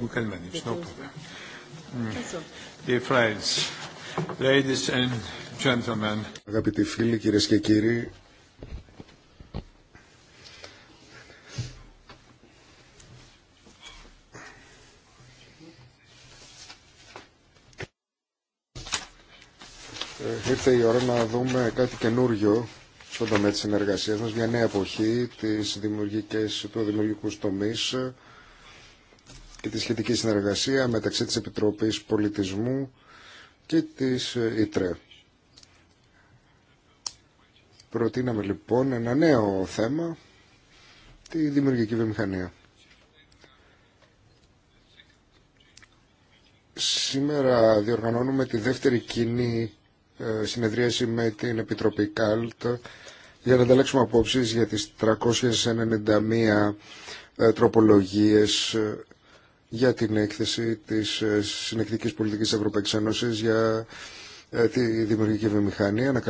we can, manage, no problem. Mm. Dear friends, ladies and gentlemen. Αγαπητοί φίλοι, κυρίες και κύριοι, ε, Ήρθε η ώρα να δούμε κάτι καινούριο στον τομέα της συνεργασίας μας, μια νέα εποχή της του δημιουργικού τομείς και τη σχετική συνεργασία μεταξύ της Επιτροπής Πολιτισμού και της ΙΤΡΕ. Ε, Προτείναμε λοιπόν ένα νέο θέμα, τη δημιουργική βιομηχανία. Σήμερα διοργανώνουμε τη δεύτερη κοινή ε, συνεδρίαση με την Επιτροπή ΚΑΛΤ για να ανταλλάξουμε απόψεις για τις 391 ε, τροπολογίες για την έκθεση της ε, συνεκτικής πολιτικής Ευρωπαϊκής Ένωσης για ε, τη δημιουργική βιομηχανία. Να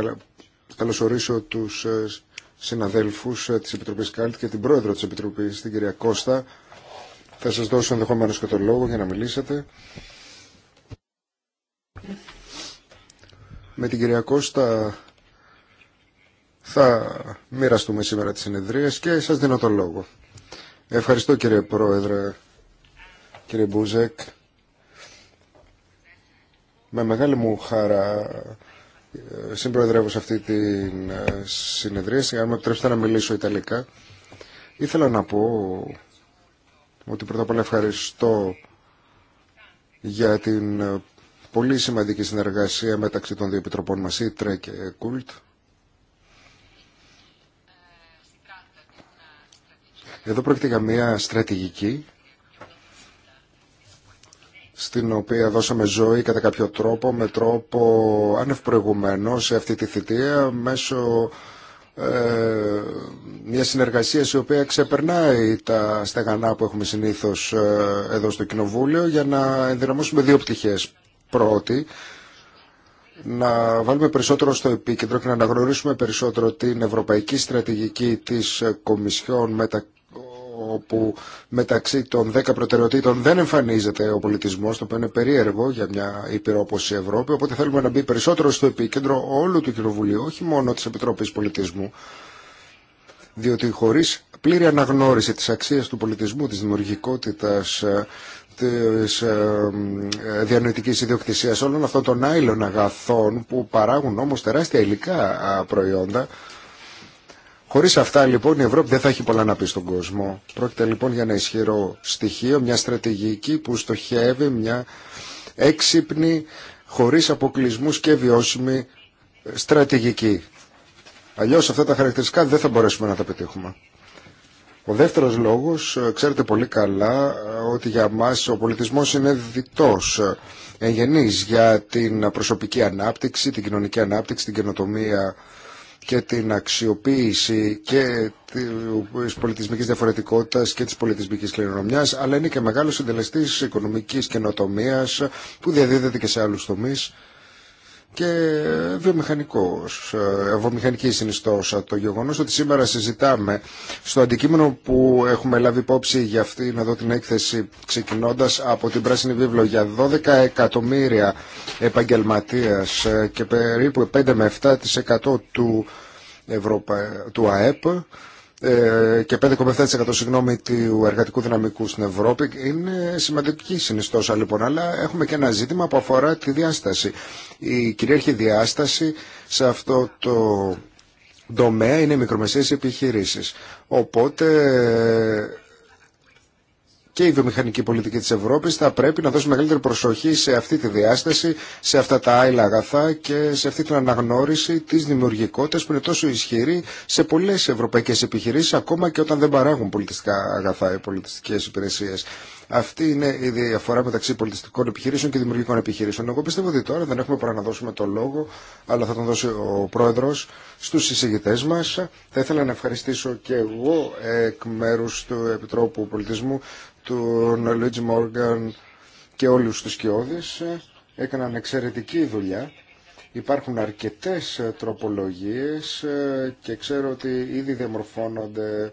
καλωσορίσω τους ε, συναδέλφους της Επιτροπής Κάλτ και την πρόεδρο της Επιτροπής, την κυρία Κώστα. Θα σας δώσω ενδεχομένως και τον λόγο για να μιλήσετε. Με την κυρία Κώστα θα μοιραστούμε σήμερα τις συνεδρίες και σας δίνω τον λόγο. Ευχαριστώ κύριε Πρόεδρε. Κύριε Μπούζεκ, με μεγάλη μου χαρά ε, συμπροεδρεύω σε αυτή τη ε, συνεδρία. Αν με επιτρέψετε να μιλήσω Ιταλικά, ήθελα να πω ότι πρώτα απ' όλα ευχαριστώ για την ε, πολύ σημαντική συνεργασία μεταξύ των δύο επιτροπών μας, ΙΤΡΕ και ΚΟΥΛΤ. Εδώ πρόκειται για μια στρατηγική την οποία δώσαμε ζωή κατά κάποιο τρόπο, με τρόπο ανευπροηγουμένο σε αυτή τη θητεία, μέσω ε, μια συνεργασία η οποία ξεπερνάει τα στεγανά που έχουμε συνήθως ε, εδώ στο Κοινοβούλιο για να ενδυναμώσουμε δύο πτυχές. Πρώτη, να βάλουμε περισσότερο στο επίκεντρο και να αναγνωρίσουμε περισσότερο την ευρωπαϊκή στρατηγική της Κομισιόν τα όπου μεταξύ των 10 προτεραιοτήτων δεν εμφανίζεται ο πολιτισμός, το οποίο είναι περίεργο για μια ήπειρο Ευρώπη, οπότε θέλουμε να μπει περισσότερο στο επίκεντρο όλου του Κοινοβουλίου, όχι μόνο της Επιτροπής Πολιτισμού, διότι χωρίς πλήρη αναγνώριση της αξίας του πολιτισμού, της δημιουργικότητας, ε, της ε, ε, διανοητικής ιδιοκτησίας όλων αυτών των άειλων αγαθών που παράγουν όμως τεράστια υλικά προϊόντα Χωρίς αυτά λοιπόν η Ευρώπη δεν θα έχει πολλά να πει στον κόσμο. Πρόκειται λοιπόν για ένα ισχυρό στοιχείο, μια στρατηγική που στοχεύει μια έξυπνη, χωρίς αποκλεισμού και βιώσιμη στρατηγική. Αλλιώς αυτά τα χαρακτηριστικά δεν θα μπορέσουμε να τα πετύχουμε. Ο δεύτερος λόγος, ξέρετε πολύ καλά ότι για μα ο πολιτισμό είναι διτό εγγενή για την προσωπική ανάπτυξη, την κοινωνική ανάπτυξη, την καινοτομία, και την αξιοποίηση και τη πολιτισμική διαφορετικότητα και τη πολιτισμικής κληρονομιάς, αλλά είναι και μεγάλος συντελεστής οικονομική καινοτομία, που διαδίδεται και σε άλλους τομείς και βιομηχανικός, ε, βιομηχανική συνιστόσα. Το γεγονός ότι σήμερα συζητάμε στο αντικείμενο που έχουμε λάβει υπόψη για αυτήν εδώ την έκθεση ξεκινώντας από την Πράσινη Βίβλο για 12 εκατομμύρια επαγγελματίας ε, και περίπου 5 με 7% του, Ευρωπα... του ΑΕΠ ε, και 5,7% συγγνώμη του εργατικού δυναμικού στην Ευρώπη είναι σημαντική συνιστόσα λοιπόν αλλά έχουμε και ένα ζήτημα που αφορά τη διάσταση η κυρίαρχη διάσταση σε αυτό το τομέα είναι οι μικρομεσαίες επιχειρήσεις οπότε και η βιομηχανική πολιτική της Ευρώπης θα πρέπει να δώσει μεγαλύτερη προσοχή σε αυτή τη διάσταση, σε αυτά τα άλλα αγαθά και σε αυτή την αναγνώριση της δημιουργικότητας που είναι τόσο ισχυρή σε πολλές ευρωπαϊκές επιχειρήσεις ακόμα και όταν δεν παράγουν πολιτιστικά αγαθά ή πολιτιστικές υπηρεσίες. Αυτή είναι η διαφορά μεταξύ πολιτιστικών επιχειρήσεων και δημιουργικών επιχειρήσεων. Εγώ πιστεύω ότι τώρα δεν έχουμε παρά να δώσουμε το λόγο, αλλά θα τον δώσει ο πρόεδρο στου συζητητέ μα. Θα ήθελα να ευχαριστήσω και εγώ εκ μέρου του Επιτρόπου Πολιτισμού τον Λουίτζι Μόργαν και όλους τους κοιόδης έκαναν εξαιρετική δουλειά. Υπάρχουν αρκετές τροπολογίες και ξέρω ότι ήδη διαμορφώνονται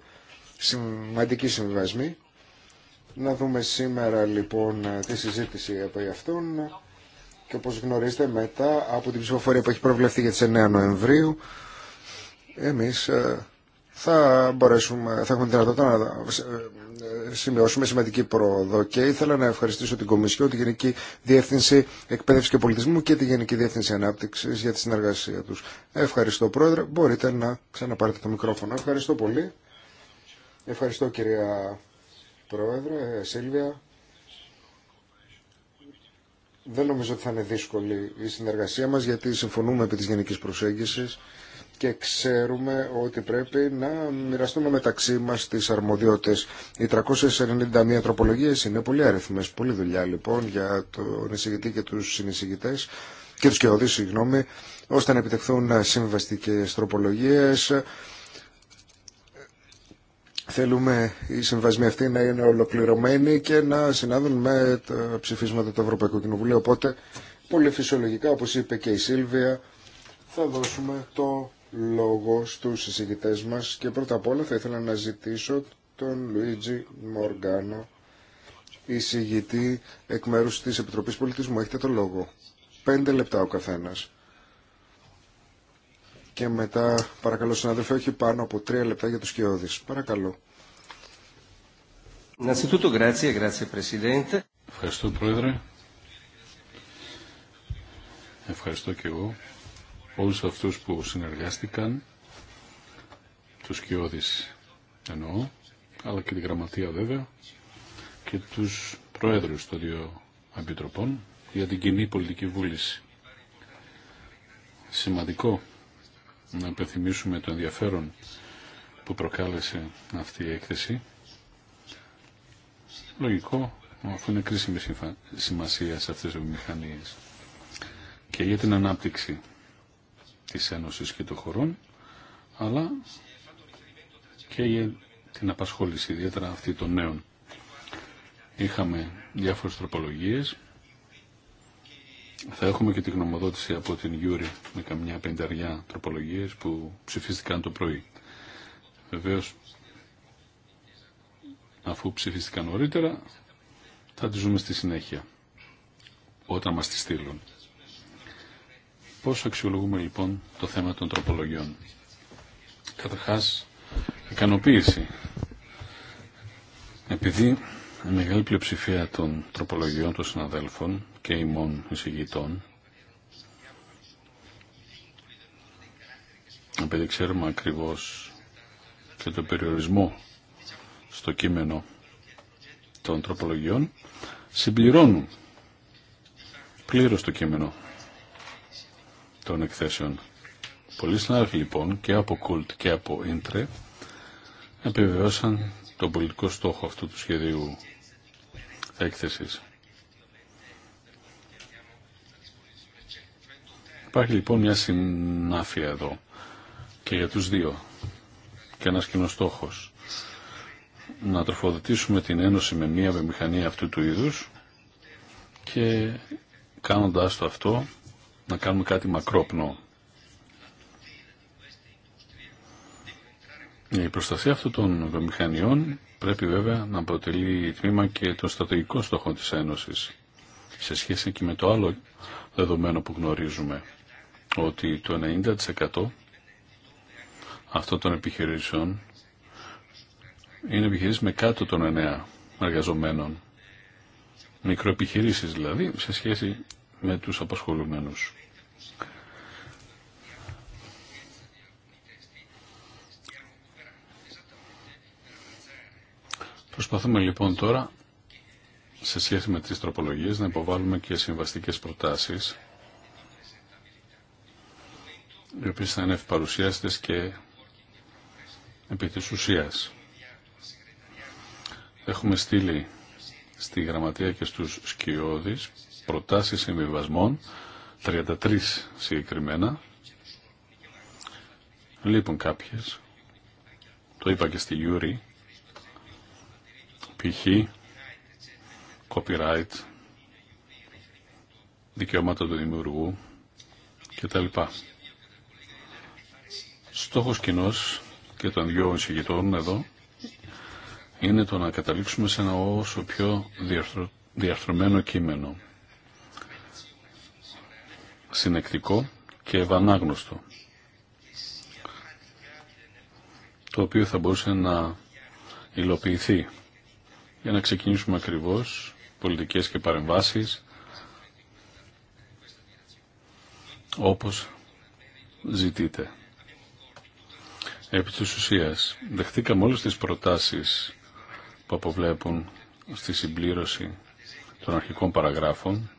σημαντικοί συμβασμοί. Να δούμε σήμερα λοιπόν τη συζήτηση από αυτόν και όπως γνωρίζετε μετά από την ψηφοφορία που έχει προβλεφθεί για τις 9 Νοεμβρίου εμείς ε, θα μπορέσουμε, θα έχουμε δυνατότητα να ε, ε, σημειώσουμε σημαντική πρόοδο και ήθελα να ευχαριστήσω την Κομισιό, τη Γενική Διεύθυνση Εκπαίδευση και Πολιτισμού και τη Γενική Διεύθυνση Ανάπτυξη για τη συνεργασία του. Ευχαριστώ, Πρόεδρε. Μπορείτε να ξαναπάρετε το μικρόφωνο. Ευχαριστώ πολύ. Ευχαριστώ, κυρία Πρόεδρε, Σίλβια. Δεν νομίζω ότι θα είναι δύσκολη η συνεργασία μας γιατί συμφωνούμε επί της γενικής προσέγγισης και ξέρουμε ότι πρέπει να μοιραστούμε μεταξύ μας τις αρμοδιότητες. Οι 391 τροπολογίες είναι πολύ αριθμές, πολύ δουλειά λοιπόν για τον εισηγητή και τους συνεισηγητές και τους κεωδείς, συγγνώμη, ώστε να επιτευχθούν συμβαστικές τροπολογίες. Θέλουμε οι συμβασμοί αυτοί να είναι ολοκληρωμένοι και να συνάδουν με τα ψηφίσματα του Ευρωπαϊκού Κοινοβουλίου. Οπότε, πολύ φυσιολογικά, όπως είπε και η Σίλβια, θα δώσουμε το λόγο στους εισηγητές μας και πρώτα απ' όλα θα ήθελα να ζητήσω τον Λουίτζι Μοργάνο, εισηγητή εκ μέρους της Επιτροπής Πολιτισμού. Έχετε το λόγο. Πέντε λεπτά ο καθένας. Και μετά, παρακαλώ συνάδελφε, έχει πάνω από τρία λεπτά για τους κοιόδη. Παρακαλώ. Ευχαριστώ Πρόεδρε. Ευχαριστώ και εγώ όλους αυτούς που συνεργάστηκαν, τους κοιόδης εννοώ, αλλά και τη γραμματεία βέβαια και τους προέδρους των δύο επιτροπών για την κοινή πολιτική βούληση. Σημαντικό να επιθυμίσουμε το ενδιαφέρον που προκάλεσε αυτή η έκθεση. Λογικό, αφού είναι κρίσιμη σημασία σε αυτές τις μηχανίες. Και για την ανάπτυξη της Ένωσης και των χωρών, αλλά και για την απασχόληση, ιδιαίτερα αυτή των νέων. Είχαμε διάφορες τροπολογίες. Θα έχουμε και τη γνωμοδότηση από την Γιούρη με καμιά πενταριά τροπολογίες που ψηφίστηκαν το πρωί. Βεβαίως, αφού ψηφίστηκαν νωρίτερα, θα τις ζούμε στη συνέχεια, όταν μας τις στείλουν. Πώς αξιολογούμε λοιπόν το θέμα των τροπολογιών. Καταρχάς, ικανοποίηση. Επειδή η μεγάλη πλειοψηφία των τροπολογιών των συναδέλφων και ημών εισηγητών επειδή ξέρουμε ακριβώς και τον περιορισμό στο κείμενο των τροπολογιών συμπληρώνουν πλήρως το κείμενο των εκθέσεων. Πολλοί συνάδελφοι λοιπόν και από Κουλτ και από Ίντρε επιβεβαιώσαν τον πολιτικό στόχο αυτού του σχεδίου έκθεσης. Υπάρχει λοιπόν μια συνάφεια εδώ και για τους δύο και ένας κοινός στόχος. Να τροφοδοτήσουμε την Ένωση με μια βιομηχανία αυτού του είδους και κάνοντάς το αυτό να κάνουμε κάτι μακρόπνο. Η προστασία αυτών των βιομηχανιών πρέπει βέβαια να αποτελεί τμήμα και των στρατηγικών στόχων της Ένωσης σε σχέση και με το άλλο δεδομένο που γνωρίζουμε ότι το 90% αυτών των επιχειρήσεων είναι επιχειρήσεις με κάτω των 9 εργαζομένων μικροεπιχειρήσεις δηλαδή σε σχέση με τους απασχολουμένους. Προσπαθούμε λοιπόν τώρα σε σχέση με τις τροπολογίες να υποβάλουμε και συμβαστικές προτάσεις οι οποίες θα είναι ευπαρουσιάστες και επί της ουσίας. Έχουμε στείλει στη Γραμματεία και στους Σκιώδης προτάσεις συμβιβασμών, 33 συγκεκριμένα. Λείπουν κάποιες. Το είπα και στη Γιούρη. Π.χ. copyright, δικαιώματα του δημιουργού κτλ. Στόχος κοινό και των δυο εισηγητών εδώ είναι το να καταλήξουμε σε ένα όσο πιο διαρθρωμένο κείμενο συνεκτικό και ευανάγνωστο το οποίο θα μπορούσε να υλοποιηθεί για να ξεκινήσουμε ακριβώς πολιτικές και παρεμβάσεις όπως ζητείτε. Επί της ουσίας, δεχτήκαμε όλες τις προτάσεις που αποβλέπουν στη συμπλήρωση των αρχικών παραγράφων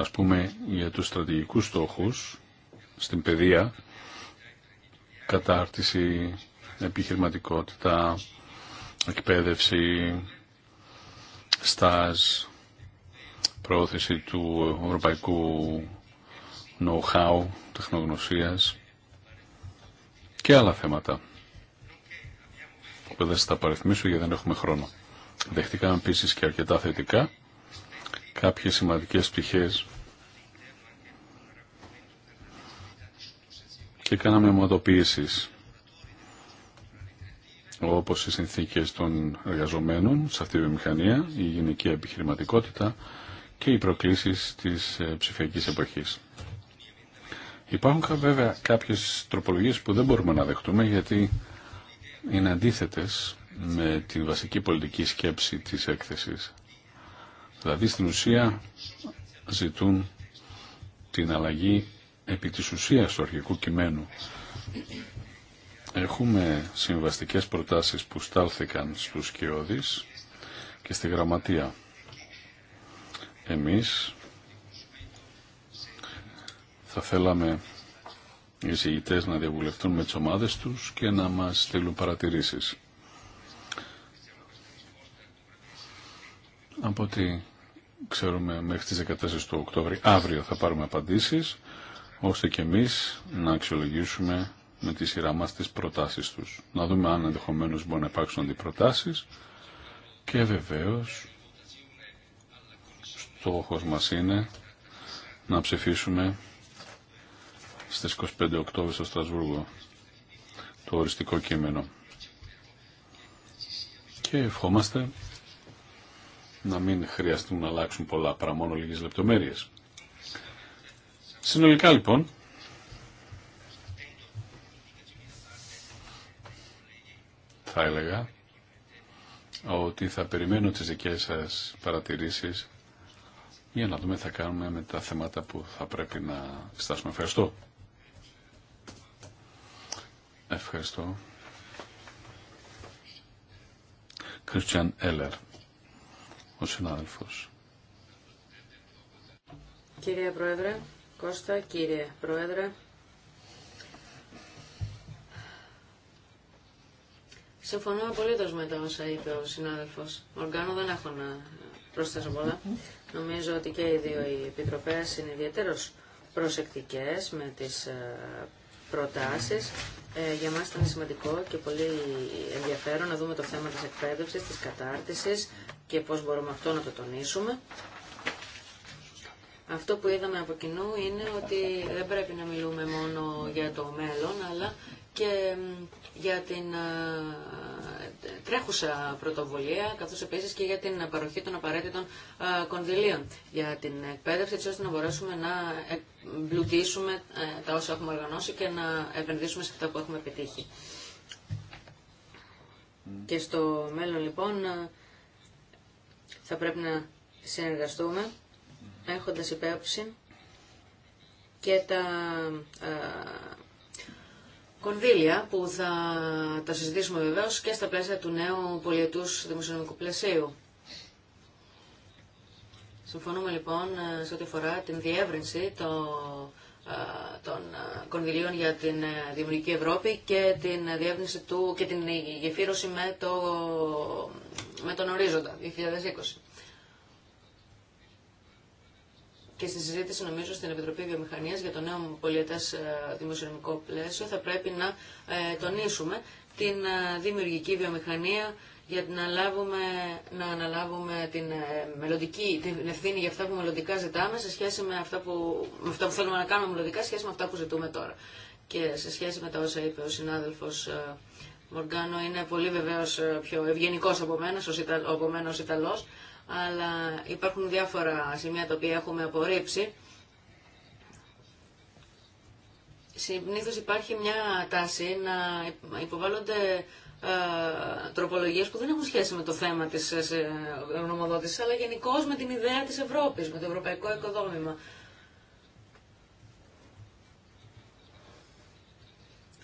ας πούμε για τους στρατηγικούς στόχους στην παιδεία, κατάρτιση, επιχειρηματικότητα, εκπαίδευση, στάζ, προώθηση του ευρωπαϊκού know-how, τεχνογνωσίας και άλλα θέματα που δεν θα τα παριθμίσω γιατί δεν έχουμε χρόνο. Δεχτήκαμε επίση και αρκετά θετικά κάποιες σημαντικές πτυχές και κάναμε ομοδοποίησεις όπως οι συνθήκες των εργαζομένων σε αυτή τη μηχανία, η γενική επιχειρηματικότητα και οι προκλήσεις της ε, ψηφιακής εποχής. Υπάρχουν βέβαια κάποιες τροπολογίες που δεν μπορούμε να δεχτούμε γιατί είναι αντίθετες με την βασική πολιτική σκέψη της έκθεσης. Δηλαδή στην ουσία ζητούν την αλλαγή επί της ουσίας του αρχικού κειμένου. Έχουμε συμβαστικές προτάσεις που στάλθηκαν στους κοιόδης και στη γραμματεία. Εμείς θα θέλαμε οι συγητές να διαβουλευτούν με τις ομάδες τους και να μας στείλουν παρατηρήσεις. Από ό,τι Ξέρουμε μέχρι τις 14 του Οκτώβρη, αύριο θα πάρουμε απαντήσεις, ώστε και εμείς να αξιολογήσουμε με τη σειρά μας τις προτάσεις τους. Να δούμε αν ενδεχομένω μπορεί να υπάρξουν αντιπροτάσεις και βεβαίως στόχος μας είναι να ψηφίσουμε στις 25 Οκτώβρη στο Στρασβούργο το οριστικό κείμενο. Και ευχόμαστε να μην χρειαστούν να αλλάξουν πολλά παρά μόνο λίγες λεπτομέρειες. Συνολικά λοιπόν, θα έλεγα ότι θα περιμένω τις δικές σας παρατηρήσεις για να δούμε τι θα κάνουμε με τα θέματα που θα πρέπει να στάσουμε. Ευχαριστώ. Ευχαριστώ. Christian Eller ο συνάδελφος. Κύριε Πρόεδρε, Κώστα, κύριε Πρόεδρε, Συμφωνώ απολύτω με τα όσα είπε ο συνάδελφο. Οργάνω δεν έχω να προσθέσω πολλά. Νομίζω ότι και οι δύο οι επιτροπέ είναι ιδιαίτερω προσεκτικέ με τι ε, προτάσεις. Ε, για μας ήταν σημαντικό και πολύ ενδιαφέρον να δούμε το θέμα της εκπαίδευσης, της κατάρτισης και πώς μπορούμε αυτό να το τονίσουμε. Αυτό που είδαμε από κοινού είναι ότι δεν πρέπει να μιλούμε μόνο για το μέλλον, αλλά και για την ε, τρέχουσα πρωτοβουλία, καθώς επίσης και για την παροχή των απαραίτητων ε, κονδυλίων για την εκπαίδευση, έτσι ώστε να μπορέσουμε να μπλουτίσουμε ε, τα όσα έχουμε οργανώσει και να επενδύσουμε σε αυτά που έχουμε επιτύχει. Και στο μέλλον λοιπόν ε, θα πρέπει να συνεργαστούμε έχοντας υπέψη και τα ε, κονδύλια που θα τα συζητήσουμε βεβαίως και στα πλαίσια του νέου πολιετούς δημοσιονομικού πλαισίου. Συμφωνούμε λοιπόν ε, σε ό,τι αφορά την διεύρυνση ε, των ε, κονδυλίων για την Δημιουργική Ευρώπη και την διεύρυνση του και την γεφύρωση με, το, με τον ορίζοντα 2020. Και στη συζήτηση, νομίζω, στην Επιτροπή Βιομηχανία για το νέο πολιετέ δημοσιονομικό πλαίσιο θα πρέπει να τονίσουμε την δημιουργική βιομηχανία για να, λάβουμε, να αναλάβουμε την ε, μελωδική, την ευθύνη για αυτά που μελλοντικά ζητάμε σε σχέση με αυτά που, με αυτά που θέλουμε να κάνουμε μελλοντικά, σε σχέση με αυτά που ζητούμε τώρα. Και σε σχέση με τα όσα είπε ο συνάδελφος ε, Μοργκάνο, είναι πολύ βεβαίως ε, πιο ευγενικό από μένα, από μένα Ιταλός, αλλά υπάρχουν διάφορα σημεία τα οποία έχουμε απορρίψει. Συνήθω υπάρχει μια τάση να υποβάλλονται ε, τροπολογίες που δεν έχουν σχέση με το θέμα της ε, ε, γνωμοδότησης, αλλά γενικώ με την ιδέα της Ευρώπης, με το ευρωπαϊκό οικοδόμημα.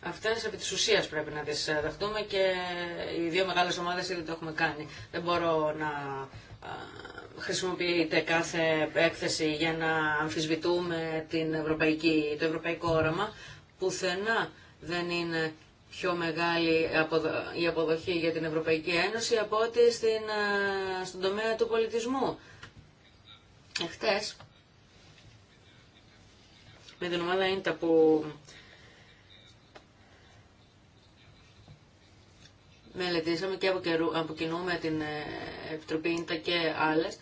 Αυτές επί της ουσίας πρέπει να τις δεχτούμε και οι δύο μεγάλες ομάδες ήδη το έχουμε κάνει. Δεν μπορώ να χρησιμοποιείτε κάθε έκθεση για να αμφισβητούμε την ευρωπαϊκή, το ευρωπαϊκό όραμα. Πουθενά δεν είναι πιο μεγάλη η αποδοχή για την Ευρωπαϊκή Ένωση από ότι στην, ε, στον τομέα του πολιτισμού. Εχθές, με την ομάδα ΙΝΤΑ που μελετήσαμε και από κοινού την ε, Επιτροπή ΙΝΤΑ και άλλες,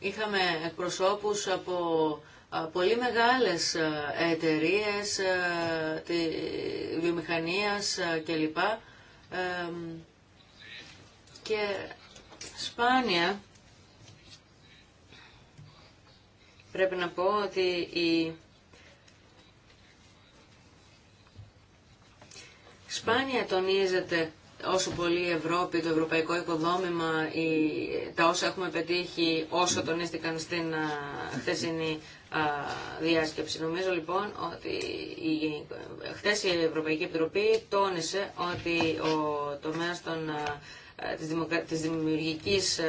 Είχαμε εκπροσώπους από πολύ μεγάλες εταιρείες τη βιομηχανίας κλπ. Και σπάνια πρέπει να πω ότι η σπάνια τονίζεται όσο πολύ η Ευρώπη, το ευρωπαϊκό οικοδόμημα, η, τα όσα έχουμε πετύχει, όσο τονίστηκαν στην α, χθεσινή διάσκεψη. Νομίζω λοιπόν ότι η, χθες η Ευρωπαϊκή Επιτροπή τόνισε ότι ο τομέας των, της, δημιουργικής,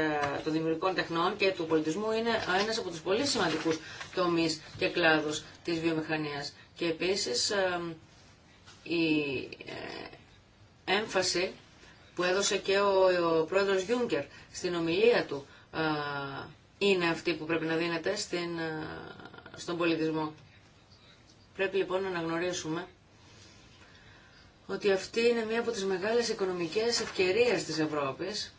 των δημιουργικών τεχνών και του πολιτισμού είναι ένας από τους πολύ σημαντικούς τομείς και κλάδους της βιομηχανίας. Και επίσης η ε, έμφαση που έδωσε και ο, ο πρόεδρος Γιούγκερ στην ομιλία του είναι αυτή που πρέπει να δίνεται στην, στον πολιτισμό. Πρέπει λοιπόν να αναγνωρίσουμε ότι αυτή είναι μία από τις μεγάλες οικονομικές ευκαιρίες της Ευρώπης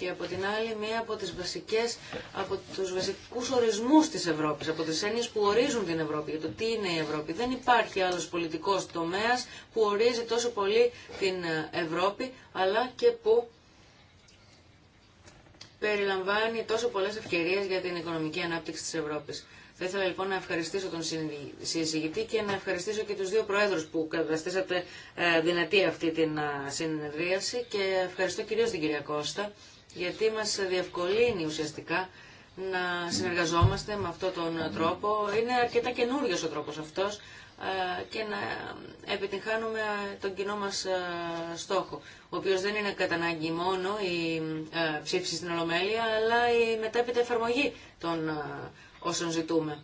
και από την άλλη μία από, τις βασικές, από τους βασικούς ορισμούς της Ευρώπης, από τις έννοιες που ορίζουν την Ευρώπη, για το τι είναι η Ευρώπη. Δεν υπάρχει άλλος πολιτικός τομέας που ορίζει τόσο πολύ την ε, Ευρώπη, αλλά και που περιλαμβάνει τόσο πολλές ευκαιρίες για την οικονομική ανάπτυξη της Ευρώπης. Θα ήθελα λοιπόν να ευχαριστήσω τον συζητητή και να ευχαριστήσω και τους δύο προέδρους που καταστήσατε ε, δυνατή αυτή την ε, συνεδρίαση και ευχαριστώ κυρίως την κυρία Κώστα γιατί μας διευκολύνει ουσιαστικά να συνεργαζόμαστε με αυτόν τον τρόπο. Είναι αρκετά καινούριος ο τρόπος αυτός ε, και να επιτυγχάνουμε τον κοινό μας ε, στόχο, ο οποίος δεν είναι κατά ανάγκη μόνο η ε, ψήφιση στην Ολομέλεια, αλλά η μετέπειτα εφαρμογή των όσων ζητούμε.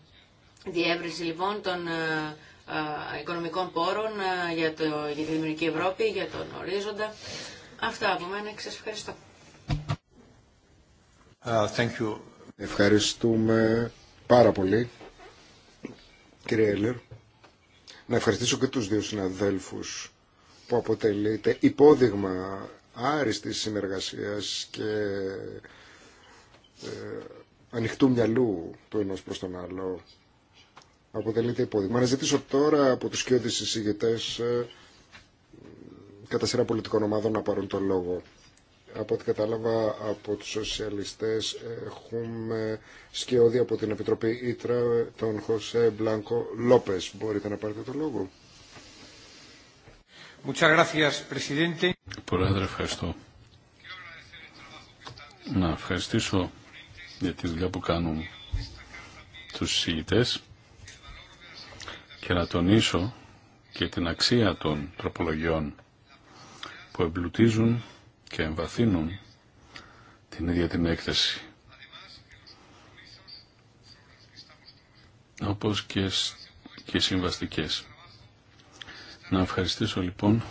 Διεύρυνση λοιπόν των οικονομικών πόρων για, το, για τη Δημιουργική Ευρώπη, για τον ορίζοντα. Αυτά από μένα και σας ευχαριστώ. Uh, Ευχαριστούμε πάρα πολύ, κύριε Έλλερ. Να ευχαριστήσω και τους δύο συναδέλφους που αποτελείται υπόδειγμα άριστης συνεργασίας και ε, ανοιχτού μυαλού του ενός προς τον άλλο. Αποτελείται υπόδειγμα. Να ζητήσω τώρα από τους κοιότητες συζητητές ε, κατά σειρά πολιτικών ομάδων να πάρουν το λόγο από ό,τι κατάλαβα από τους σοσιαλιστές έχουμε σκιώδη από την Επιτροπή Ήτρα τον Χωσέ Μπλάνκο Λόπες. Μπορείτε να πάρετε το λόγο. Πρόεδρε, ευχαριστώ. Να ευχαριστήσω για τη δουλειά που κάνουν τους συζητητές και να τονίσω και την αξία των τροπολογιών που εμπλουτίζουν και εμβαθύνουν την ίδια την έκθεση. Όπως και, και συμβαστικές. Να ευχαριστήσω λοιπόν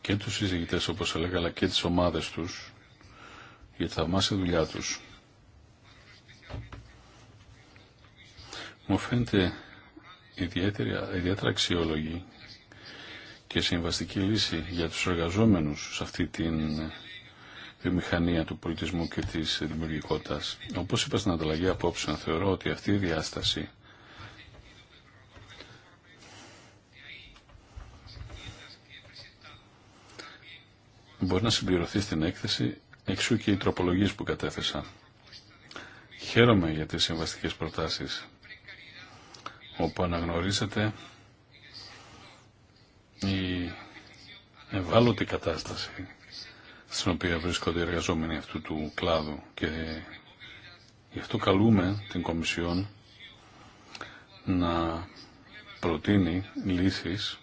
και τους συζητητές όπως έλεγα αλλά και τις ομάδες τους για τη θαυμάσια δουλειά τους. Μου φαίνεται ιδιαίτερα αξιόλογη και συμβαστική λύση για τους εργαζόμενους σε αυτή την βιομηχανία του πολιτισμού και της δημιουργικότητας. Όπως είπα στην ανταλλαγή απόψε, θεωρώ ότι αυτή η διάσταση μπορεί να συμπληρωθεί στην έκθεση εξού και οι τροπολογίες που κατέθεσα. Χαίρομαι για τις συμβαστικές προτάσεις όπου αναγνωρίζεται η ευάλωτη κατάσταση στην οποία βρίσκονται οι εργαζόμενοι αυτού του κλάδου και γι' αυτό καλούμε την Κομισιόν να προτείνει λύσεις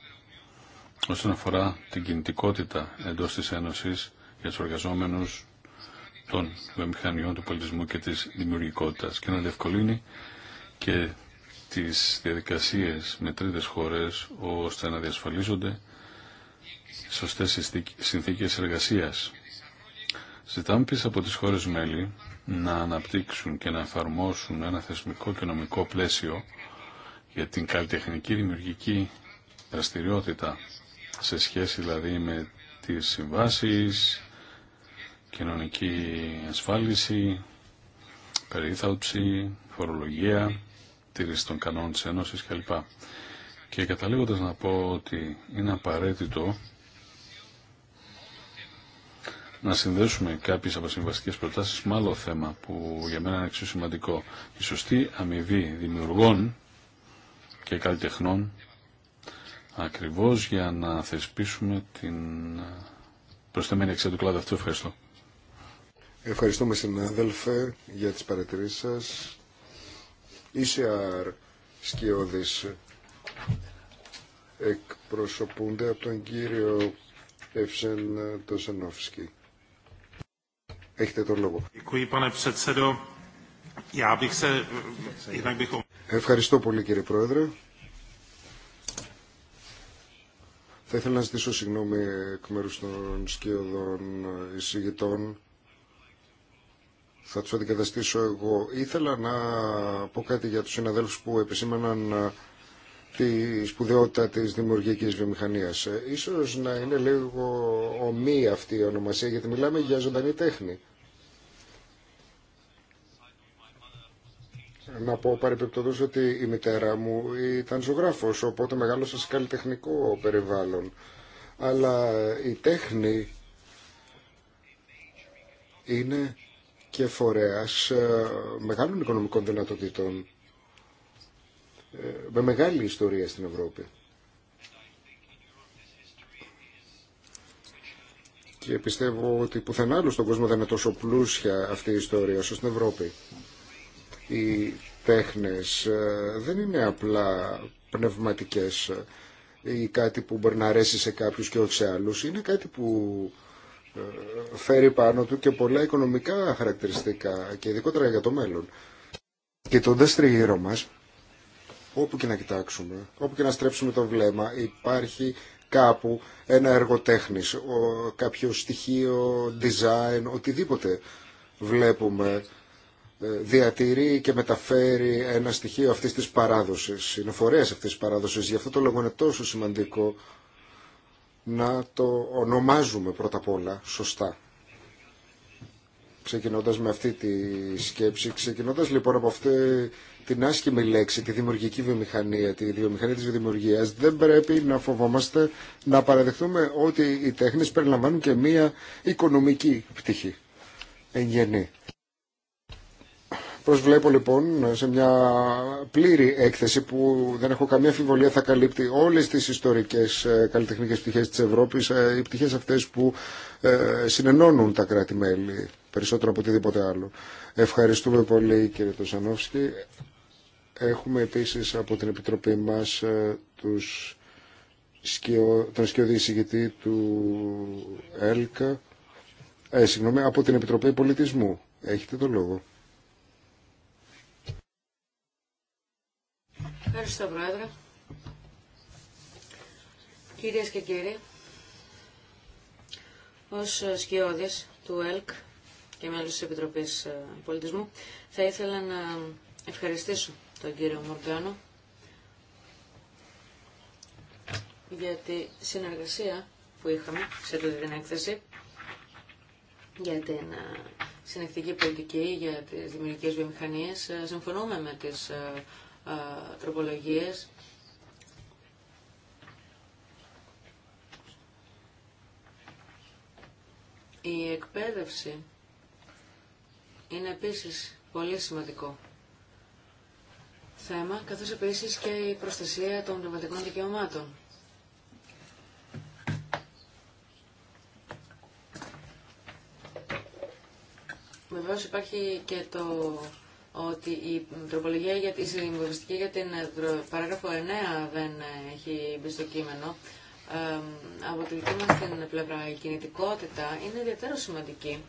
όσον αφορά την κινητικότητα εντός της Ένωσης για τους εργαζόμενους των βιομηχανιών του πολιτισμού και της δημιουργικότητας και να διευκολύνει και τις διαδικασίες με τρίτες χώρες ώστε να διασφαλίζονται σωστές συνθήκες εργασίας. Ζητάμε πίσω από τις χώρες μέλη να αναπτύξουν και να εφαρμόσουν ένα θεσμικό και νομικό πλαίσιο για την καλλιτεχνική δημιουργική δραστηριότητα σε σχέση δηλαδή με τις συμβάσεις, κοινωνική ασφάλιση, περίθαλψη, φορολογία τήρηση των κανόνων της Ένωσης κλπ. Και καταλήγοντας να πω ότι είναι απαραίτητο να συνδέσουμε κάποιες από συμβαστικές προτάσεις με άλλο θέμα που για μένα είναι εξίσου σημαντικό. Η σωστή αμοιβή δημιουργών και καλλιτεχνών ακριβώς για να θεσπίσουμε την προσθεμένη αξία του κλάδου αυτού. Ευχαριστώ. Ευχαριστούμε συνάδελφε για τις παρατηρήσεις σας. Είσαι σκιώδης εκπροσωπούνται από τον κύριο Ευσεν Τοσενόφσκι. Έχετε τον λόγο. Ευχαριστώ πολύ κύριε Πρόεδρε. Θα ήθελα να ζητήσω συγγνώμη εκ μέρους των σκιωδών εισηγητών θα του αντικαταστήσω εγώ. Ήθελα να πω κάτι για τους συναδέλφου που επισήμαναν ε, τη σπουδαιότητα της δημιουργική βιομηχανία. Ε, ίσως να είναι λίγο ομοί αυτή η ονομασία, γιατί μιλάμε για ζωντανή τέχνη. Να πω παρεμπιπτόντω ότι η μητέρα μου ήταν ζωγράφο. οπότε μεγάλωσα σε καλλιτεχνικό περιβάλλον. Αλλά η τέχνη είναι και φορέας ε, μεγάλων οικονομικών δυνατοτήτων ε, με μεγάλη ιστορία στην Ευρώπη. Και πιστεύω ότι πουθενά άλλο στον κόσμο δεν είναι τόσο πλούσια αυτή η ιστορία όσο στην Ευρώπη. Οι τέχνες ε, δεν είναι απλά πνευματικές ή κάτι που μπορεί να αρέσει σε κάποιους και όχι σε άλλους. Είναι κάτι που φέρει πάνω του και πολλά οικονομικά χαρακτηριστικά και ειδικότερα για το μέλλον. Κοιτώντα τριγύρω μας, όπου και να κοιτάξουμε, όπου και να στρέψουμε το βλέμμα, υπάρχει κάπου ένα έργο κάποιο στοιχείο, design, οτιδήποτε βλέπουμε ε, διατηρεί και μεταφέρει ένα στοιχείο αυτής της παράδοσης, είναι φορέας αυτής της παράδοσης. Γι' αυτό το λόγο είναι τόσο σημαντικό να το ονομάζουμε πρώτα απ' όλα σωστά. Ξεκινώντας με αυτή τη σκέψη, ξεκινώντας λοιπόν από αυτή την άσχημη λέξη, τη δημιουργική βιομηχανία, τη βιομηχανία της δημιουργίας, δεν πρέπει να φοβόμαστε να παραδεχτούμε ότι οι τέχνες περιλαμβάνουν και μία οικονομική πτυχή εν γενή. Προσβλέπω λοιπόν σε μια πλήρη έκθεση που δεν έχω καμία αφιβολία θα καλύπτει όλες τις ιστορικές ε, καλλιτεχνικές πτυχές της Ευρώπης, ε, οι πτυχές αυτές που ε, συνενώνουν τα κράτη-μέλη περισσότερο από οτιδήποτε άλλο. Ευχαριστούμε πολύ κύριε Τωσανόφσκι. Έχουμε επίσης από την Επιτροπή μας τους σκιο, τον σκιώδη εισηγητή του ΕΛΚΑ, συγγνώμη, από την Επιτροπή Πολιτισμού. Έχετε το λόγο. Ευχαριστώ, Πρόεδρε. Κυρίες και κύριοι, ως σκιώδης του ΕΛΚ και μέλος της Επιτροπής ε, Πολιτισμού, θα ήθελα να ευχαριστήσω τον κύριο Μοργκάνο για τη συνεργασία που είχαμε σε αυτή την έκθεση, για την ε, συνεκτική πολιτική, για τις δημιουργικές βιομηχανίες. Ε, συμφωνούμε με τις ε, τροπολογίες. Η εκπαίδευση είναι επίσης πολύ σημαντικό θέμα, καθώς επίσης και η προστασία των πνευματικών δικαιωμάτων. Βεβαίως υπάρχει και το ότι η τροπολογία για τη συμβουλευτική για την ε, παράγραφο 9 δεν ε, έχει μπει στο κείμενο. Ε, από τη δική μας την πλευρά η κινητικότητα είναι ιδιαίτερα σημαντική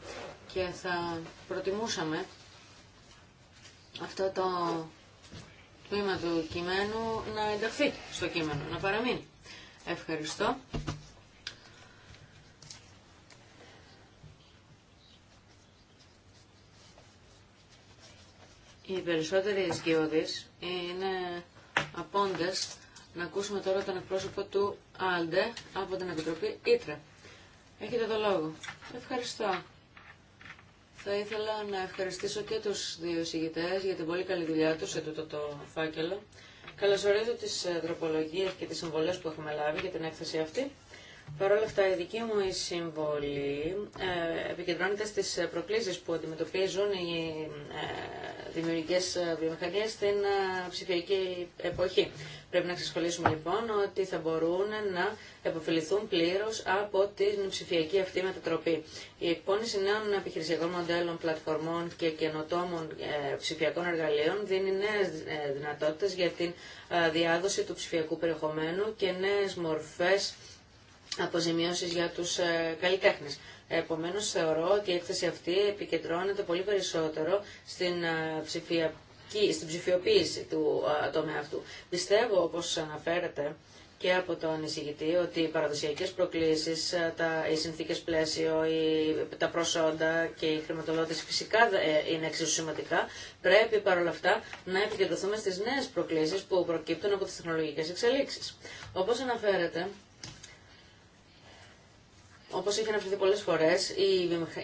και θα προτιμούσαμε αυτό το τμήμα του κειμένου να ενταχθεί στο κείμενο, να παραμείνει. Ευχαριστώ. Οι περισσότεροι γεωδεις είναι απόντες. Να ακούσουμε τώρα τον εκπρόσωπο του Άλντε από την Επιτροπή Ήτρα. Έχετε το λόγο. Ευχαριστώ. Θα ήθελα να ευχαριστήσω και τους δύο συγγητές για την πολύ καλή δουλειά τους σε τούτο το φάκελο. Καλωσορίζω τις ε, τροπολογίες και τις συμβολές που έχουμε λάβει για την έκθεση αυτή. Παρ' όλα αυτά, η δική μου συμβολή ε, επικεντρώνεται στις ε, προκλήσεις που αντιμετωπίζουν οι ε, δημιουργικές βιομηχανίες στην ψηφιακή εποχή. Πρέπει να εξασχολήσουμε λοιπόν ότι θα μπορούν να επωφεληθούν πλήρως από την ψηφιακή αυτή μετατροπή. Η εκπόνηση νέων επιχειρησιακών μοντέλων, πλατφορμών και καινοτόμων ψηφιακών εργαλείων δίνει νέες δυνατότητες για την διάδοση του ψηφιακού περιεχομένου και νέες μορφές Αποζημίωση για τους ε, καλλιτέχνε. Επομένω, θεωρώ ότι η έκθεση αυτή επικεντρώνεται πολύ περισσότερο στην ε, ψηφιακή, στην ψηφιοποίηση του ε, τομέα αυτού. Πιστεύω, όπως αναφέρεται, και από τον εισηγητή ότι οι παραδοσιακέ τα, οι συνθήκε πλαίσιο, τα προσόντα και η χρηματοδότηση φυσικά είναι εξίσου σημαντικά. Πρέπει παρόλα αυτά να επικεντρωθούμε στις νέες προκλήσεις που προκύπτουν από τις τεχνολογικές εξελίξει. Όπω αναφέρεται, όπως έχει αναφερθεί πολλές φορές, οι,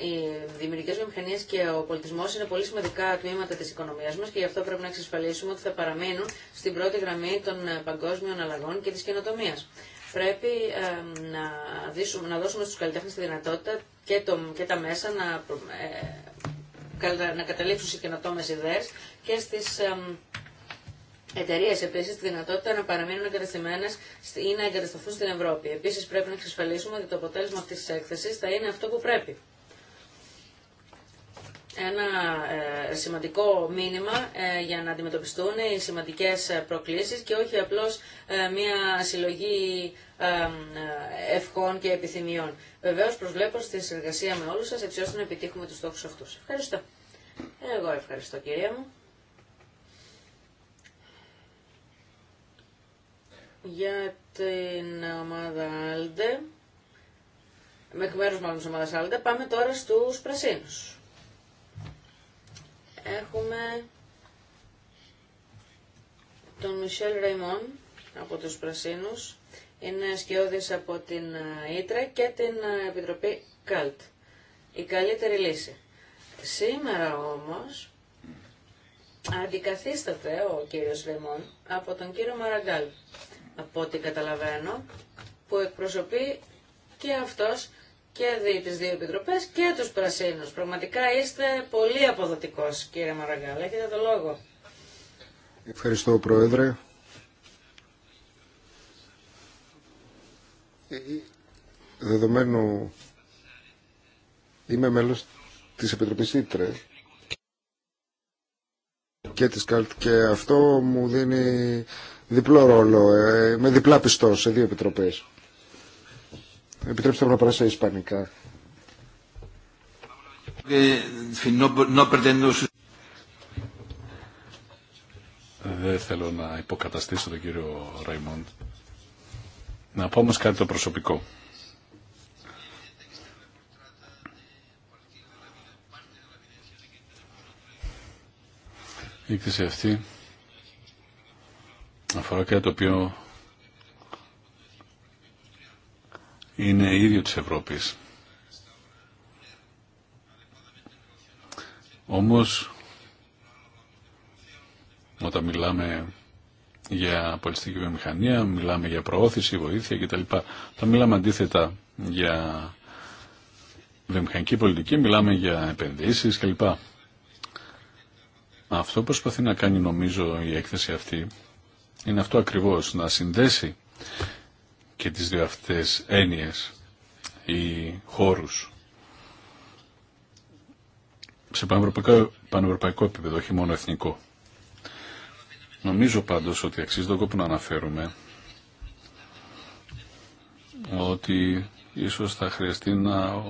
οι δημιουργικές βιομηχανίες και ο πολιτισμός είναι πολύ σημαντικά τμήματα της οικονομίας μας και γι' αυτό πρέπει να εξασφαλίσουμε ότι θα παραμείνουν στην πρώτη γραμμή των ε, παγκόσμιων αλλαγών και της καινοτομία. Πρέπει ε, να, δίσουμε, να δώσουμε στους καλλιτέχνες τη δυνατότητα και, το, και τα μέσα να, ε, να καταλήξουν σε καινοτόμες ιδέες και στις εταιρείε επίση τη δυνατότητα να παραμείνουν εγκαταστημένε ή να εγκατασταθούν στην Ευρώπη. Επίση πρέπει να εξασφαλίσουμε ότι το αποτέλεσμα αυτή τη έκθεση θα είναι αυτό που πρέπει. Ένα ε, σημαντικό μήνυμα ε, για να αντιμετωπιστούν οι σημαντικές ε, προκλήσεις και όχι απλώς ε, μια συλλογή ευχών και επιθυμιών. Βεβαίως προσβλέπω στη συνεργασία με όλους σας έτσι ώστε να επιτύχουμε τους στόχους αυτούς. Ευχαριστώ. Εγώ ευχαριστώ κυρία μου. για την ομάδα Άλντε, με εκ μέρους μάλλον Άλντε, πάμε τώρα στους πρασίνους. Έχουμε τον Μισελ Ρεϊμόν από τους πρασίνους, είναι σκιώδης από την Ήτρα και την Επιτροπή Καλτ. Η καλύτερη λύση. Σήμερα όμως αντικαθίσταται ο κύριος Ρεϊμόν από τον κύριο Μαραγκάλ από ό,τι καταλαβαίνω, που εκπροσωπεί και αυτός και δεί τις δύο επιτροπές και τους πρασίνους. Πραγματικά είστε πολύ αποδοτικός κύριε Μαραγκάλα. Έχετε το λόγο. Ευχαριστώ Πρόεδρε. Ε, ε, δεδομένου είμαι μέλος της Επιτροπής Ήτρε και ΚΑΛΤ και αυτό μου δίνει διπλό ρόλο, ε, με διπλά πιστό σε δύο επιτροπές. Επιτρέψτε μου να περάσω ισπανικά. Ε, Δεν θέλω να υποκαταστήσω τον κύριο Ραϊμόντ. Να πω όμως κάτι το προσωπικό. Η αυτή αφορά κάτι το οποίο είναι ίδιο της Ευρώπης. Όμως, όταν μιλάμε για πολιτιστική βιομηχανία, μιλάμε για προώθηση, βοήθεια κτλ. Όταν μιλάμε αντίθετα για βιομηχανική πολιτική, μιλάμε για επενδύσεις κλπ. Αυτό που προσπαθεί να κάνει νομίζω η έκθεση αυτή είναι αυτό ακριβώς, να συνδέσει και τις δύο αυτές έννοιες ή χώρους σε πανευρωπαϊκό, πανευρωπαϊκό επίπεδο, όχι μόνο εθνικό. Νομίζω πάντως ότι αξίζει τον κόπο να αναφέρουμε ότι ίσως θα χρειαστεί να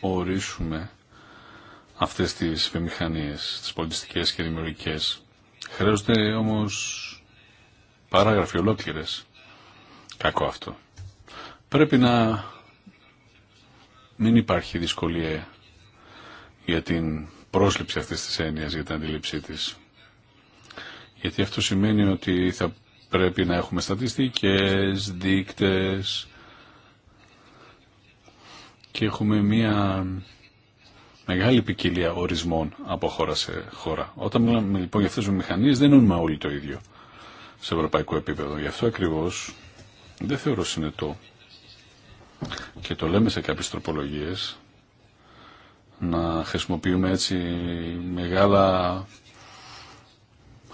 ορίσουμε αυτές τις βιομηχανίες, τις πολιτιστικές και δημιουργικές. Χρειάζονται όμως παράγραφοι ολόκληρε. Κακό αυτό. Πρέπει να μην υπάρχει δυσκολία για την πρόσληψη αυτής της έννοιας, για την αντίληψή της. Γιατί αυτό σημαίνει ότι θα πρέπει να έχουμε στατιστικές, δείκτες και έχουμε μία μεγάλη ποικιλία ορισμών από χώρα σε χώρα. Όταν μιλάμε λοιπόν για αυτέ τι μηχανίε, δεν εννοούμε όλοι το ίδιο σε ευρωπαϊκό επίπεδο. Γι' αυτό ακριβώ δεν θεωρώ συνετό και το λέμε σε κάποιε τροπολογίε να χρησιμοποιούμε έτσι μεγάλα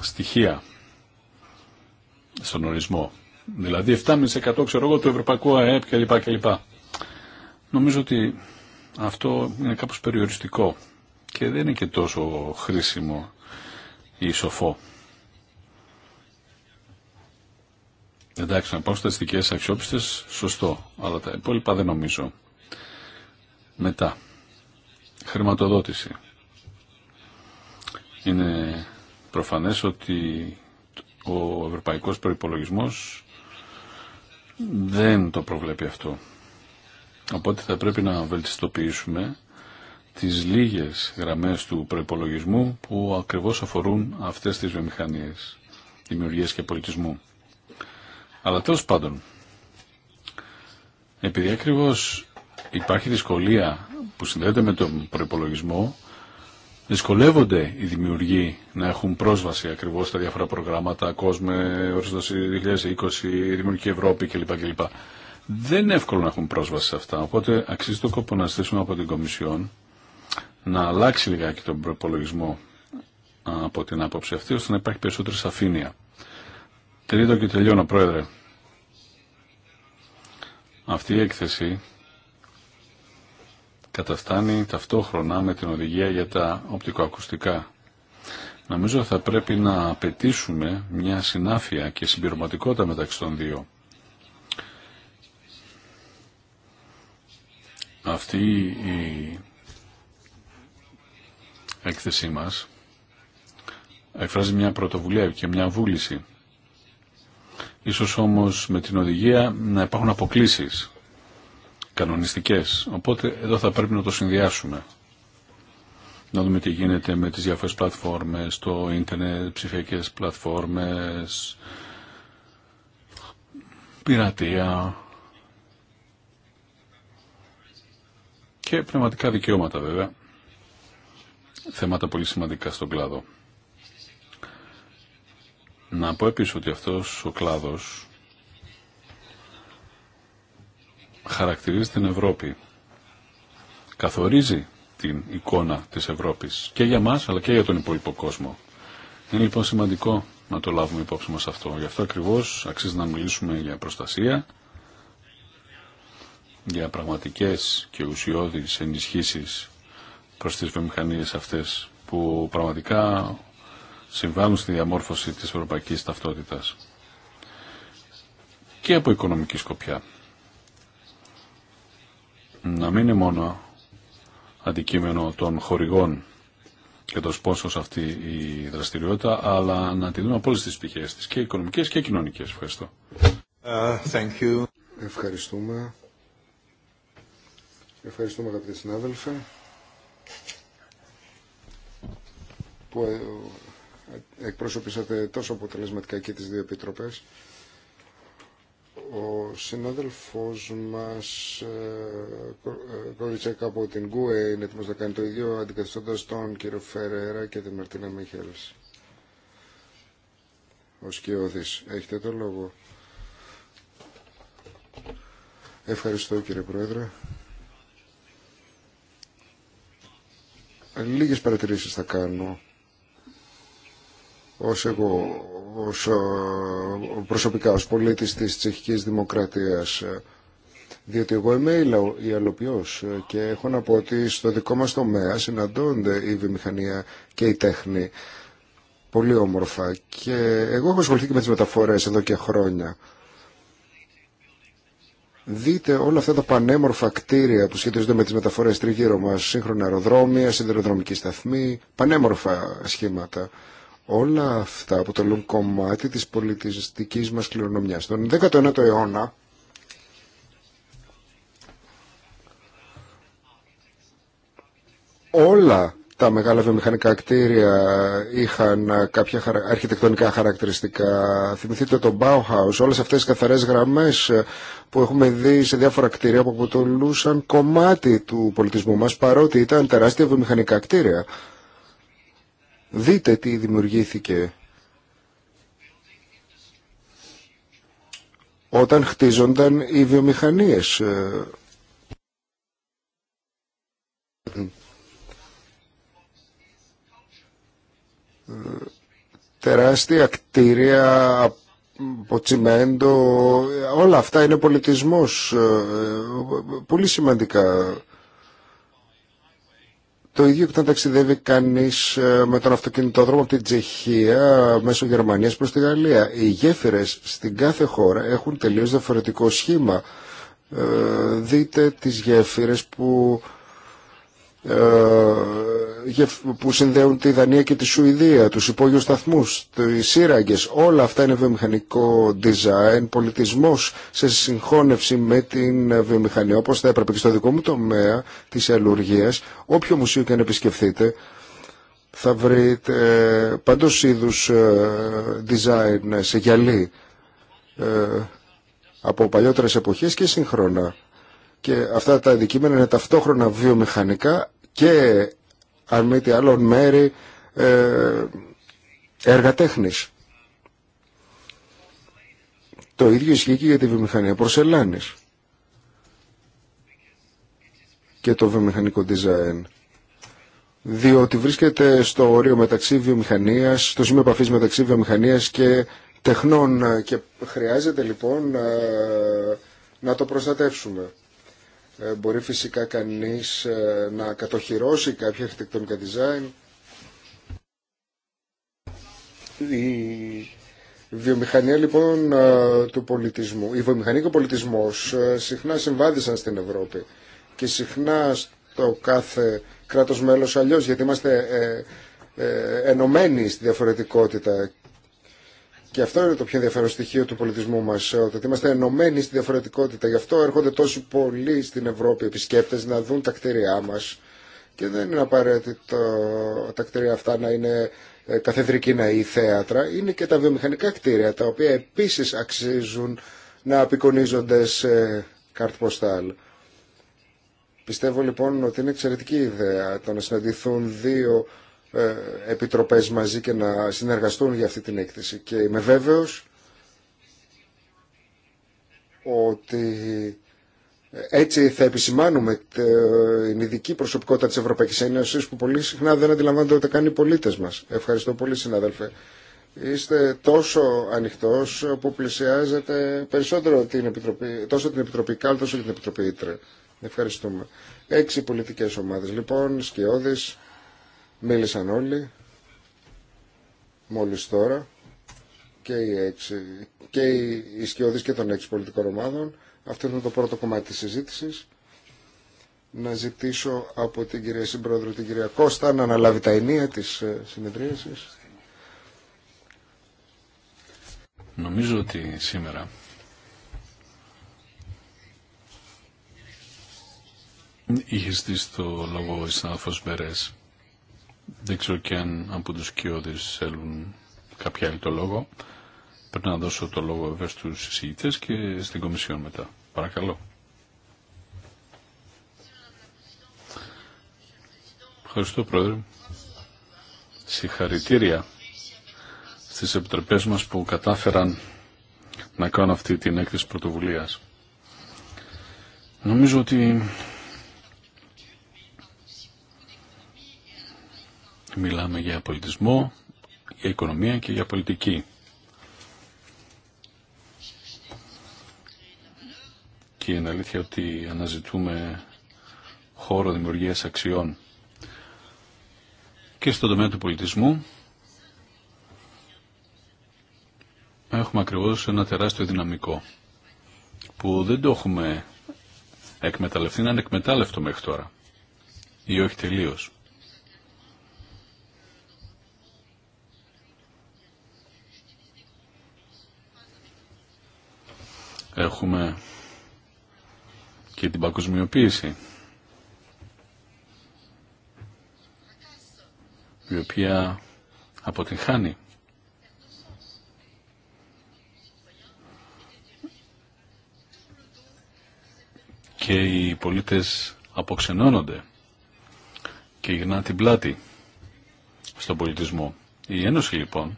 στοιχεία στον ορισμό. Δηλαδή 7,5% ξέρω εγώ του ευρωπαϊκού ΑΕΠ κλπ. Νομίζω ότι αυτό είναι κάπως περιοριστικό και δεν είναι και τόσο χρήσιμο ή σοφό. Εντάξει, να πάω στατιστικές αξιόπιστες, σωστό, αλλά τα υπόλοιπα δεν νομίζω. Μετά, χρηματοδότηση. Είναι προφανές ότι ο ευρωπαϊκός προϋπολογισμός δεν το προβλέπει αυτό. Οπότε θα πρέπει να βελτιστοποιήσουμε τις λίγες γραμμές του προϋπολογισμού που ακριβώς αφορούν αυτές τις βιομηχανίες δημιουργία και πολιτισμού. Αλλά τέλος πάντων, επειδή ακριβώ υπάρχει δυσκολία που συνδέεται με τον προϋπολογισμό, δυσκολεύονται οι δημιουργοί να έχουν πρόσβαση ακριβώς στα διάφορα προγράμματα, κόσμε, ορίζοντας ε, 2020, Δημιουργική Ευρώπη κλπ. κλπ δεν είναι εύκολο να έχουν πρόσβαση σε αυτά. Οπότε αξίζει το κόπο να στήσουμε από την Κομισιόν να αλλάξει λιγάκι τον προπολογισμό από την άποψη αυτή, ώστε να υπάρχει περισσότερη σαφήνεια. Τρίτο και τελειώνω, Πρόεδρε. Αυτή η έκθεση καταφτάνει ταυτόχρονα με την οδηγία για τα οπτικοακουστικά. Νομίζω θα πρέπει να απαιτήσουμε μια συνάφεια και συμπληρωματικότητα μεταξύ των δύο. Αυτή η έκθεσή μας εκφράζει μια πρωτοβουλία και μια βούληση. Ίσως όμως με την οδηγία να υπάρχουν αποκλήσεις κανονιστικές. Οπότε εδώ θα πρέπει να το συνδυάσουμε. Να δούμε τι γίνεται με τις διάφορες πλατφόρμες, το ίντερνετ, ψηφιακές πλατφόρμες, πειρατεία, και πνευματικά δικαιώματα βέβαια. Θέματα πολύ σημαντικά στον κλάδο. Να πω επίσης ότι αυτός ο κλάδος χαρακτηρίζει την Ευρώπη. Καθορίζει την εικόνα της Ευρώπης και για μας αλλά και για τον υπόλοιπο κόσμο. Είναι λοιπόν σημαντικό να το λάβουμε υπόψη μας αυτό. Γι' αυτό ακριβώς αξίζει να μιλήσουμε για προστασία για πραγματικές και ουσιώδεις ενισχύσεις προς τις βιομηχανίες αυτές που πραγματικά συμβάλλουν στη διαμόρφωση της ευρωπαϊκής ταυτότητας και από οικονομική σκοπιά. Να μην είναι μόνο αντικείμενο των χορηγών και το πόσο αυτή η δραστηριότητα, αλλά να τη δούμε από όλες τις πηγές της, και οικονομικές και κοινωνικές. Ευχαριστώ. Uh, Ευχαριστούμε. Ευχαριστούμε αγαπητοί συνάδελφοι που ε, ε, εκπροσωπήσατε τόσο αποτελεσματικά και τις δύο επιτροπές. Ο συνάδελφος μας ε, Κοριτσέκ από την ΚΟΕ είναι έτοιμος να κάνει το ίδιο αντικαθιστώντας τον κύριο Φερέρα και την Μαρτίνα Μιχέλης. Ο Σκιώδης. Έχετε το λόγο. Ευχαριστώ κύριε Πρόεδρε. Λίγες παρατηρήσεις θα κάνω. Ως εγώ, ως ε, προσωπικά, ως πολίτης της τσεχικής δημοκρατίας, διότι εγώ είμαι ιαλοποιός και έχω να πω ότι στο δικό μας τομέα συναντώνται η βιομηχανία και η τέχνη πολύ όμορφα και εγώ έχω ασχοληθεί και με τις μεταφορές εδώ και χρόνια δείτε όλα αυτά τα πανέμορφα κτίρια που σχετίζονται με τις μεταφορές τριγύρω μας, σύγχρονα αεροδρόμια, σιδηροδρομική σταθμή, πανέμορφα σχήματα. Όλα αυτά αποτελούν κομμάτι της πολιτιστικής μας κληρονομιάς. Τον 19ο αιώνα όλα τα μεγάλα βιομηχανικά κτίρια είχαν κάποια αρχιτεκτονικά χαρακτηριστικά. Θυμηθείτε το Bauhaus, όλες αυτές οι καθαρές γραμμές που έχουμε δει σε διάφορα κτίρια που αποτελούσαν κομμάτι του πολιτισμού μας παρότι ήταν τεράστια βιομηχανικά κτίρια. Δείτε τι δημιουργήθηκε όταν χτίζονταν οι βιομηχανίες ε, τεράστια κτίρια από τσιμέντο, όλα αυτά είναι πολιτισμός, ε, πολύ σημαντικά. Το ίδιο όταν ταξιδεύει κανείς ε, με τον αυτοκινητόδρομο από την Τσεχία μέσω Γερμανίας προς τη Γαλλία. Οι γέφυρες στην κάθε χώρα έχουν τελείως διαφορετικό σχήμα. Ε, δείτε τις γέφυρες που ε, που συνδέουν τη Δανία και τη Σουηδία, τους υπόγειους σταθμούς, τις σύραγγες. Όλα αυτά είναι βιομηχανικό design, πολιτισμός σε συγχώνευση με την βιομηχανία, όπως θα έπρεπε και στο δικό μου τομέα της αλλουργίας. Όποιο μουσείο και αν επισκεφθείτε, θα βρείτε παντός είδους ε, design σε γυαλί ε, από παλιότερες εποχές και σύγχρονα και αυτά τα αντικείμενα είναι ταυτόχρονα βιομηχανικά και αν μη τι άλλον μέρη ε, έργα Το ίδιο ισχύει και για τη βιομηχανία προσελάνης και το βιομηχανικό design διότι βρίσκεται στο όριο μεταξύ βιομηχανίας, στο σημείο επαφή μεταξύ βιομηχανίας και τεχνών και χρειάζεται λοιπόν ε, να το προστατεύσουμε. Ε, μπορεί φυσικά κανείς ε, να κατοχυρώσει κάποια αρχιτεκτονικά design. Η βιομηχανία λοιπόν ε, του πολιτισμού, η βιομηχανία και ο πολιτισμός συχνά συμβάδισαν στην Ευρώπη και συχνά στο κάθε κράτος μέλος αλλιώς γιατί είμαστε ενωμένοι στη διαφορετικότητα και αυτό είναι το πιο ενδιαφέρον στοιχείο του πολιτισμού μα, ότι είμαστε ενωμένοι στη διαφορετικότητα. Γι' αυτό έρχονται τόσοι πολλοί στην Ευρώπη επισκέπτε να δουν τα κτίρια μα. Και δεν είναι απαραίτητο τα κτίρια αυτά να είναι ε, καθεδρική να ή θέατρα. Είναι και τα βιομηχανικά κτίρια, τα οποία επίση αξίζουν να απεικονίζονται σε καρτ ποστάλ. Πιστεύω λοιπόν ότι είναι εξαιρετική ιδέα το να συναντηθούν δύο ε, επιτροπές μαζί και να συνεργαστούν για αυτή την έκθεση. Και είμαι βέβαιος ότι έτσι θα επισημάνουμε την ειδική προσωπικότητα της Ευρωπαϊκής Ένωσης που πολύ συχνά δεν αντιλαμβάνονται ούτε καν οι πολίτες μας. Ευχαριστώ πολύ συνάδελφε. Είστε τόσο ανοιχτός που πλησιάζετε περισσότερο την Επιτροπή, τόσο την Επιτροπή ΚΑΛ, τόσο την Επιτροπή Ήτρε. Ευχαριστούμε. Έξι πολιτικές ομάδες λοιπόν, σκιώδης. Μίλησαν όλοι μόλις τώρα και οι, έξι, και οι σκιώδεις και των έξι πολιτικών ομάδων. Αυτό ήταν το πρώτο κομμάτι της συζήτησης. Να ζητήσω από την κυρία Συμπρόεδρο, την κυρία Κώστα, να αναλάβει τα ενία της ε, συνεδρίασης. Νομίζω ότι σήμερα είχε στήσει το λόγο η Μπερές δεν ξέρω και αν από τους κοιόδες θέλουν κάποια άλλη το λόγο. Πρέπει να δώσω το λόγο βέβαια στους συζητητές και στην Κομισιόν μετά. Παρακαλώ. Ευχαριστώ Πρόεδρε. Συγχαρητήρια στις επιτροπές μας που κατάφεραν να κάνουν αυτή την έκθεση πρωτοβουλίας. Νομίζω ότι Μιλάμε για πολιτισμό, για οικονομία και για πολιτική. Και είναι αλήθεια ότι αναζητούμε χώρο δημιουργίας αξιών. Και στον τομέα του πολιτισμού έχουμε ακριβώς ένα τεράστιο δυναμικό που δεν το έχουμε εκμεταλλευτεί, είναι ανεκμετάλλευτο μέχρι τώρα ή όχι τελείως. Έχουμε και την παγκοσμιοποίηση η οποία αποτυγχάνει και οι πολίτες αποξενώνονται και γυρνά την πλάτη στον πολιτισμό. Η Ένωση λοιπόν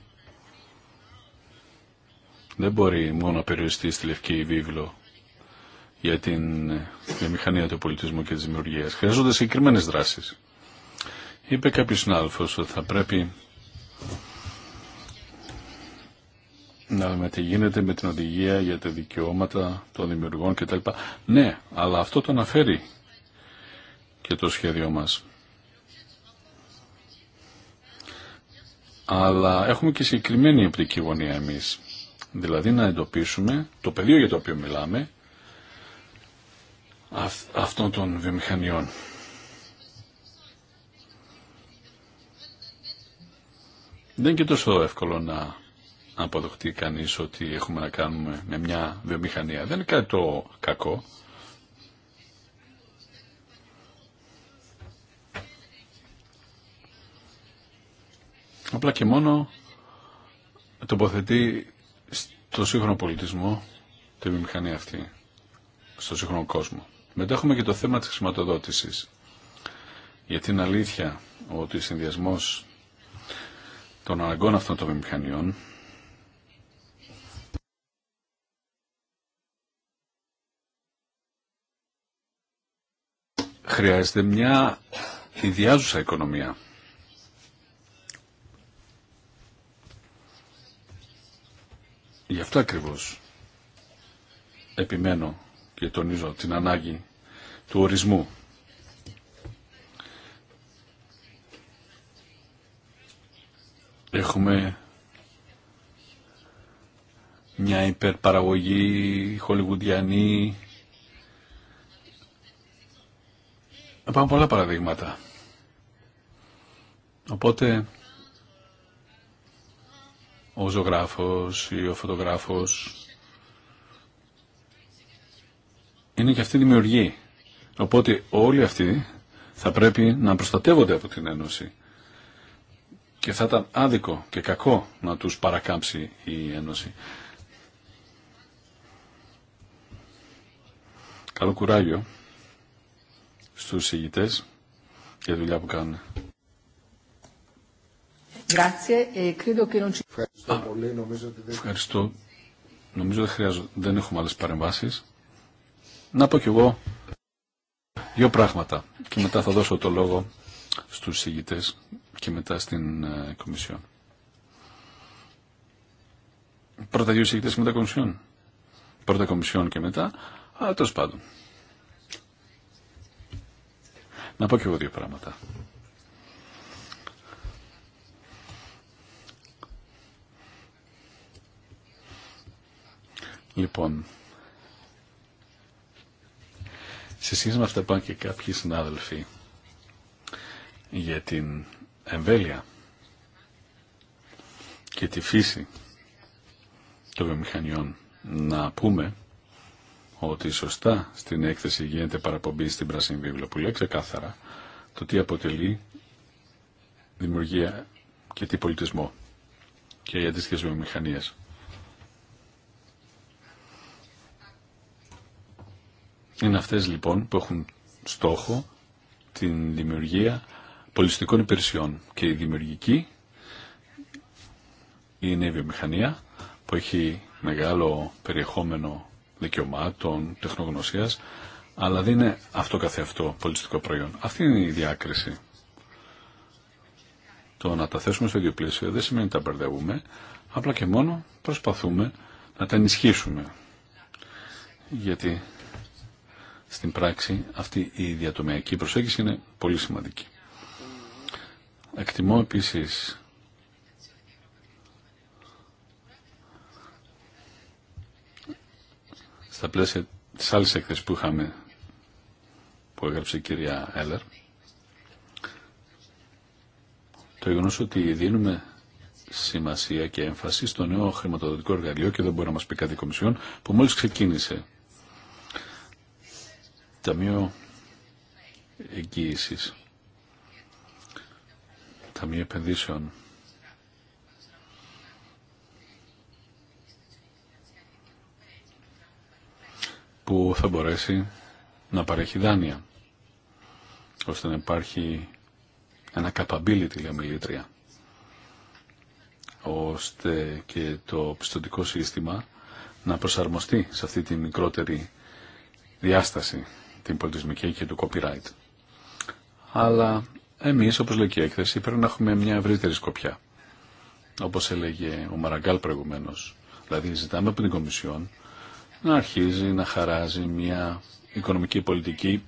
δεν μπορεί μόνο να περιοριστεί στη Λευκή Βίβλο για την βιομηχανία του πολιτισμού και τη δημιουργία. Χρειάζονται συγκεκριμένε δράσει. Είπε κάποιος συνάδελφο ότι θα πρέπει να δούμε τι γίνεται με την οδηγία για τα δικαιώματα των δημιουργών κτλ. Ναι, αλλά αυτό το αναφέρει και το σχέδιο μας. Αλλά έχουμε και συγκεκριμένη οπτική γωνία εμείς. Δηλαδή να εντοπίσουμε το πεδίο για το οποίο μιλάμε αυτών των βιομηχανιών. Δεν είναι και τόσο εύκολο να αποδοχτεί κανείς ότι έχουμε να κάνουμε με μια βιομηχανία. Δεν είναι κάτι το κακό. Απλά και μόνο τοποθετεί στο σύγχρονο πολιτισμό, τη βιομηχανία αυτή, στο σύγχρονο κόσμο. Μετά έχουμε και το θέμα της χρηματοδότησης. Γιατί είναι αλήθεια ότι ο συνδυασμό των αναγκών αυτών των βιομηχανιών χρειάζεται μια ιδιάζουσα οικονομία Γι' αυτό ακριβώς επιμένω και τονίζω την ανάγκη του ορισμού. Έχουμε μια υπερπαραγωγή χολιγουντιανή. Υπάρχουν πολλά παραδείγματα. Οπότε ο ζωγράφος ή ο φωτογράφος είναι και αυτή δημιουργοί. Οπότε όλοι αυτοί θα πρέπει να προστατεύονται από την Ένωση. Και θα ήταν άδικο και κακό να τους παρακάμψει η Ένωση. Καλό κουράγιο στους ηγητές για τη δουλειά που κάνουν. E Ευχαριστώ Νομίζω ότι δεν... χρειάζεται. Δεν έχουμε άλλε παρεμβάσεις. Να πω κι εγώ δύο πράγματα και μετά θα δώσω το λόγο στους συγγητές και μετά στην ε, Κομισιόν. Πρώτα δύο συγγητές και μετά Κομισιόν. Πρώτα Κομισιόν και μετά, αλλά τέλο πάντων. Να πω κι εγώ δύο πράγματα. Λοιπόν, σε σχέση με αυτά πάνε και κάποιοι συνάδελφοι για την εμβέλεια και τη φύση των βιομηχανιών να πούμε ότι σωστά στην έκθεση γίνεται παραπομπή στην Πράσινη Βίβλο που λέει ξεκάθαρα το τι αποτελεί δημιουργία και τι πολιτισμό και οι αντίστοιχε βιομηχανίες. Είναι αυτές λοιπόν που έχουν στόχο την δημιουργία πολιστικών υπηρεσιών και η δημιουργική είναι η βιομηχανία που έχει μεγάλο περιεχόμενο δικαιωμάτων, τεχνογνωσίας, αλλά δεν είναι αυτό καθεαυτό πολιτιστικό προϊόν. Αυτή είναι η διάκριση. Το να τα θέσουμε στο ίδιο πλαίσιο δεν σημαίνει ότι τα μπερδεύουμε, απλά και μόνο προσπαθούμε να τα ενισχύσουμε. Γιατί στην πράξη αυτή η διατομιακή προσέγγιση είναι πολύ σημαντική. Εκτιμώ επίσης στα πλαίσια της άλλης έκθεσης που είχαμε που έγραψε η κυρία Έλλερ το γεγονό ότι δίνουμε σημασία και έμφαση στο νέο χρηματοδοτικό εργαλείο και δεν μπορεί να μας πει κάτι Κομισιόν που μόλις ξεκίνησε Ταμείο Εγγύησης, Ταμείο Επενδύσεων, που θα μπορέσει να παρέχει δάνεια, ώστε να υπάρχει ένα capability, λέει μιλήτρια, ώστε και το πιστοτικό σύστημα να προσαρμοστεί σε αυτή τη μικρότερη διάσταση την πολιτισμική και του copyright. Αλλά εμείς, όπως λέει και η έκθεση, πρέπει να έχουμε μια ευρύτερη σκοπιά. Όπως έλεγε ο Μαραγκάλ προηγουμένω. Δηλαδή ζητάμε από την Κομισιόν να αρχίζει να χαράζει μια οικονομική πολιτική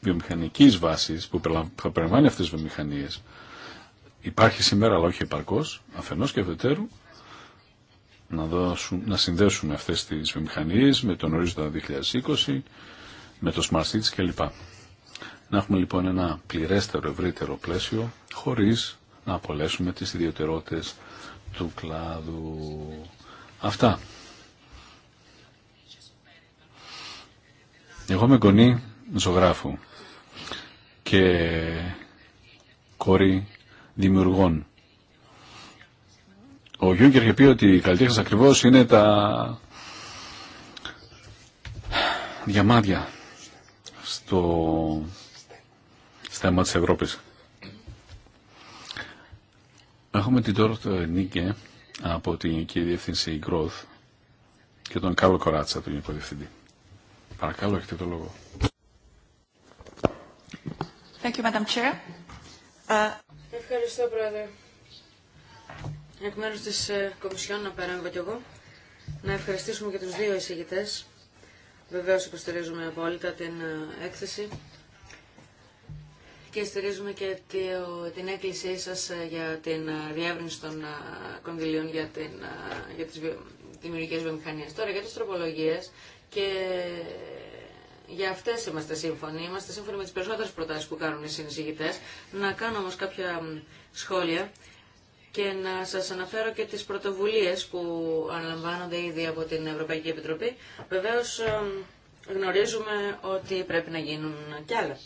βιομηχανικής βάσης που θα περιλαμβάνει αυτές τι βιομηχανίες. Υπάρχει σήμερα αλλά όχι επαρκώς, αφενός και αφετέρου, να, να συνδέσουμε αυτές τις βιομηχανίες με τον ορίζοντα 2020 με το Smart Cities κλπ. Να έχουμε λοιπόν ένα πληρέστερο, ευρύτερο πλαίσιο, χωρίς να απολέσουμε τις ιδιαιτερότητες του κλάδου. Αυτά. Εγώ είμαι γονή ζωγράφου και κόρη δημιουργών. Ο Γιούγκερ είχε πει ότι οι καλλιτέχνες ακριβώς είναι τα διαμάδια στο θέμα της Ευρώπης. Έχουμε την τώρα το Νίκε από την Γενική Διεύθυνση Growth και τον Κάρλο Κοράτσα, τον Γενικό Διευθυντή. Παρακαλώ, έχετε το λόγο. Thank you, Madam Chair. Ε, ευχαριστώ, Πρόεδρε. Εκ μέρους της ε, Κομισιόν να παρέμβω κι εγώ. Να ευχαριστήσουμε και τους δύο εισηγητές Βεβαίω υποστηρίζουμε απόλυτα την ε, έκθεση και στηρίζουμε και την έκκλησή σας ε, για την ε, διεύρυνση των κονδυλίων για, την, για τις δημιουργικές βιομηχανίες. Τώρα για τις τροπολογίες και για αυτές είμαστε σύμφωνοι. Είμαστε σύμφωνοι με τις περισσότερες προτάσεις που κάνουν οι συνεισηγητές. Να κάνω όμως κάποια σχόλια και να σας αναφέρω και τις πρωτοβουλίες που αναλαμβάνονται ήδη από την Ευρωπαϊκή Επιτροπή. Βεβαίως γνωρίζουμε ότι πρέπει να γίνουν κι άλλα.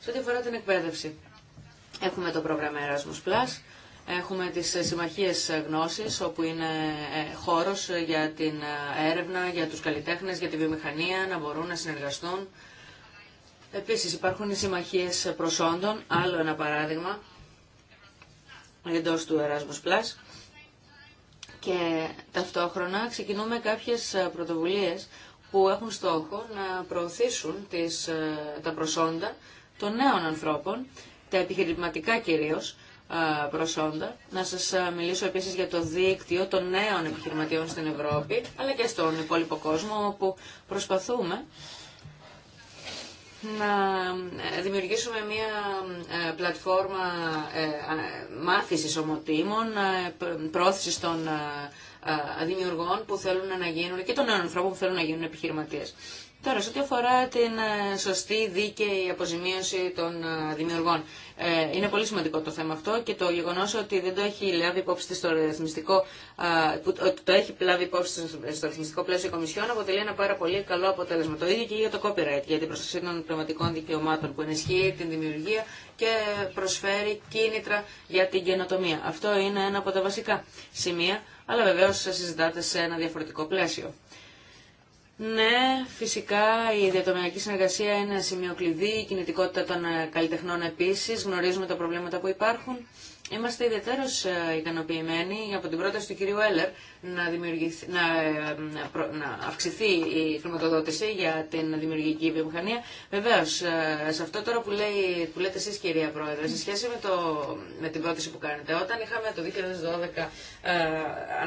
Σε ό,τι αφορά την εκπαίδευση, έχουμε το πρόγραμμα Erasmus+, Έχουμε τις συμμαχίες γνώσης, όπου είναι ε, χώρος για την ε, έρευνα, για τους καλλιτέχνες, για τη βιομηχανία, να μπορούν να συνεργαστούν. Επίσης υπάρχουν οι συμμαχίες προσόντων, άλλο ένα παράδειγμα, εντός του Erasmus Plus και ταυτόχρονα ξεκινούμε κάποιες ε, πρωτοβουλίες που έχουν στόχο να προωθήσουν τις, ε, τα προσόντα των νέων ανθρώπων, τα επιχειρηματικά κυρίως ε, προσόντα. Να σας μιλήσω επίσης για το δίκτυο των νέων επιχειρηματιών στην Ευρώπη, αλλά και στον υπόλοιπο κόσμο, όπου προσπαθούμε να ε, δημιουργήσουμε μια ε, πλατφόρμα ε, μάθησης ομοτήμων, πρόθεσης των δημιουργών που θέλουν να γίνουν και των νέων ανθρώπων που θέλουν να γίνουν επιχειρηματίες. Τώρα, σε ό,τι αφορά την ε, σωστή δίκαιη αποζημίωση των ε, δημιουργών, ε, είναι πολύ σημαντικό το θέμα αυτό και το γεγονό ότι δεν το έχει λάβει υπόψη στο ρυθμιστικό, το έχει λάβει υπόψη στο ρυθμιστικό πλαίσιο Κομισιόν αποτελεί ένα πάρα πολύ καλό αποτέλεσμα. Το ίδιο και για το copyright, για την προστασία των πνευματικών δικαιωμάτων που ενισχύει την δημιουργία και προσφέρει κίνητρα για την καινοτομία. Αυτό είναι ένα από τα βασικά σημεία, αλλά βεβαίω συζητάτε σε ένα διαφορετικό πλαίσιο. Ναι, φυσικά η διατομιακή συνεργασία είναι σημείο κλειδί, η κινητικότητα των ε, καλλιτεχνών επίσης, γνωρίζουμε τα προβλήματα που υπάρχουν Είμαστε ιδιαίτερω ε, ικανοποιημένοι από την πρόταση του κυρίου Έλερ να, να, να αυξηθεί η χρηματοδότηση για την δημιουργική βιομηχανία. Βεβαίω, ε, σε αυτό τώρα που, λέει, που λέτε εσεί, κυρία Πρόεδρε, σε σχέση με, το, με την πρόταση που κάνετε, όταν είχαμε το 2012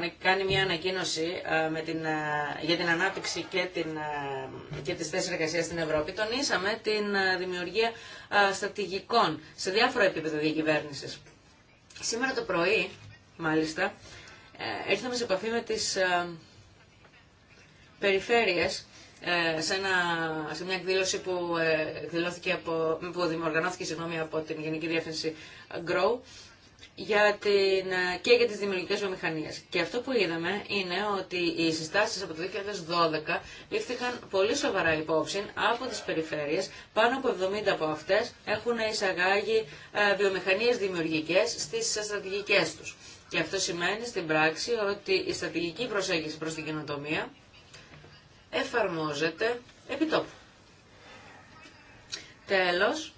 ε, κάνει μια ανακοίνωση με την, για την ανάπτυξη και, την, και τις εργασίας στην Ευρώπη, τονίσαμε την δημιουργία στρατηγικών σε διάφορα επίπεδα διακυβέρνηση. Σήμερα το πρωί, μάλιστα, ήρθαμε ε, σε επαφή με τις ε, περιφέρειες ε, σε, ένα, σε μια εκδήλωση που, εκδηλώθηκε από, που δημοργανώθηκε συγγνώμη, από την Γενική Διεύθυνση Grow για την, και για τις δημιουργικές βιομηχανίες. Και αυτό που είδαμε είναι ότι οι συστάσεις από το 2012 λήφθηκαν πολύ σοβαρά υπόψη από τις περιφέρειες. Πάνω από 70 από αυτές έχουν εισαγάγει ε, βιομηχανίες δημιουργικές στις στρατηγικές τους. Και αυτό σημαίνει στην πράξη ότι η στρατηγική προσέγγιση προς την καινοτομία εφαρμόζεται επί τόπου. Τέλος,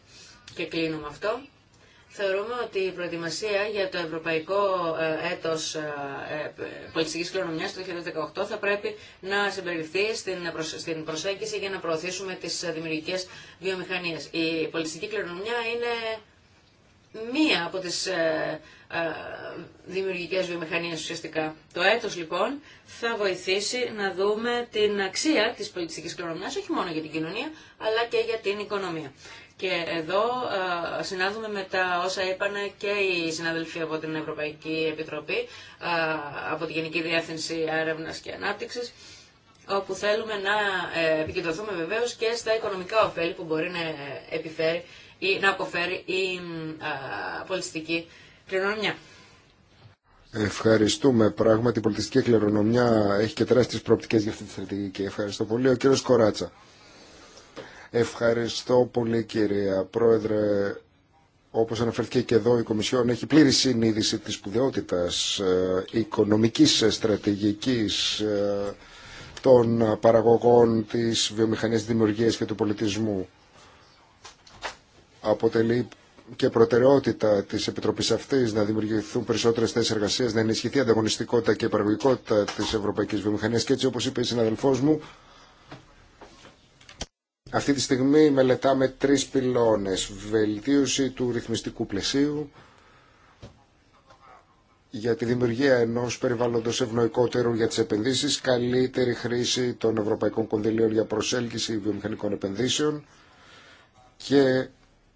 και κλείνουμε αυτό, Θεωρούμε ότι η προετοιμασία για το ευρωπαϊκό ε, έτος ε, ε, πολιτιστικής κληρονομιάς το 2018 θα πρέπει να συμπεριληφθεί στην προσέγγιση για να προωθήσουμε τις δημιουργικές βιομηχανίες. Η πολιτιστική κληρονομιά είναι μία από τις δημιουργικές βιομηχανίες ουσιαστικά. Το έτος λοιπόν θα βοηθήσει να δούμε την αξία της πολιτιστικής κληρονομιάς όχι μόνο για την κοινωνία αλλά και για την οικονομία. Και εδώ ε, συνάδουμε με τα όσα είπαν και οι συναδελφοί από την Ευρωπαϊκή Επιτροπή, ε, από τη Γενική Διεύθυνση Έρευνα και Ανάπτυξη, όπου θέλουμε να ε, επικεντρωθούμε βεβαίω και στα οικονομικά ωφέλη που μπορεί να επιφέρει ή να αποφέρει η πολιτιστική κληρονομιά. Ευχαριστούμε. Πράγματι, η πολιτιστική κληρονομιά έχει και τεράστιε προοπτικέ για αυτή τη στρατηγική. Ευχαριστώ πολύ. Ο κύριο Κοράτσα. Ευχαριστώ πολύ κυρία Πρόεδρε. Όπως αναφερθήκε και εδώ η Κομισιόν έχει πλήρη συνείδηση της σπουδαιότητας ε, οικονομικής ε, στρατηγικής ε, των παραγωγών της βιομηχανίας δημιουργίας και του πολιτισμού. Αποτελεί και προτεραιότητα της Επιτροπής αυτής να δημιουργηθούν περισσότερες θέσεις εργασίας να ενισχυθεί η ανταγωνιστικότητα και η παραγωγικότητα τη ευρωπαϊκή βιομηχανία. Και έτσι, όπως είπε η συναδελφός μου, αυτή τη στιγμή μελετάμε τρεις πυλώνες. Βελτίωση του ρυθμιστικού πλαισίου για τη δημιουργία ενός περιβάλλοντος ευνοϊκότερου για τις επενδύσεις, καλύτερη χρήση των ευρωπαϊκών κονδυλίων για προσέλκυση βιομηχανικών επενδύσεων και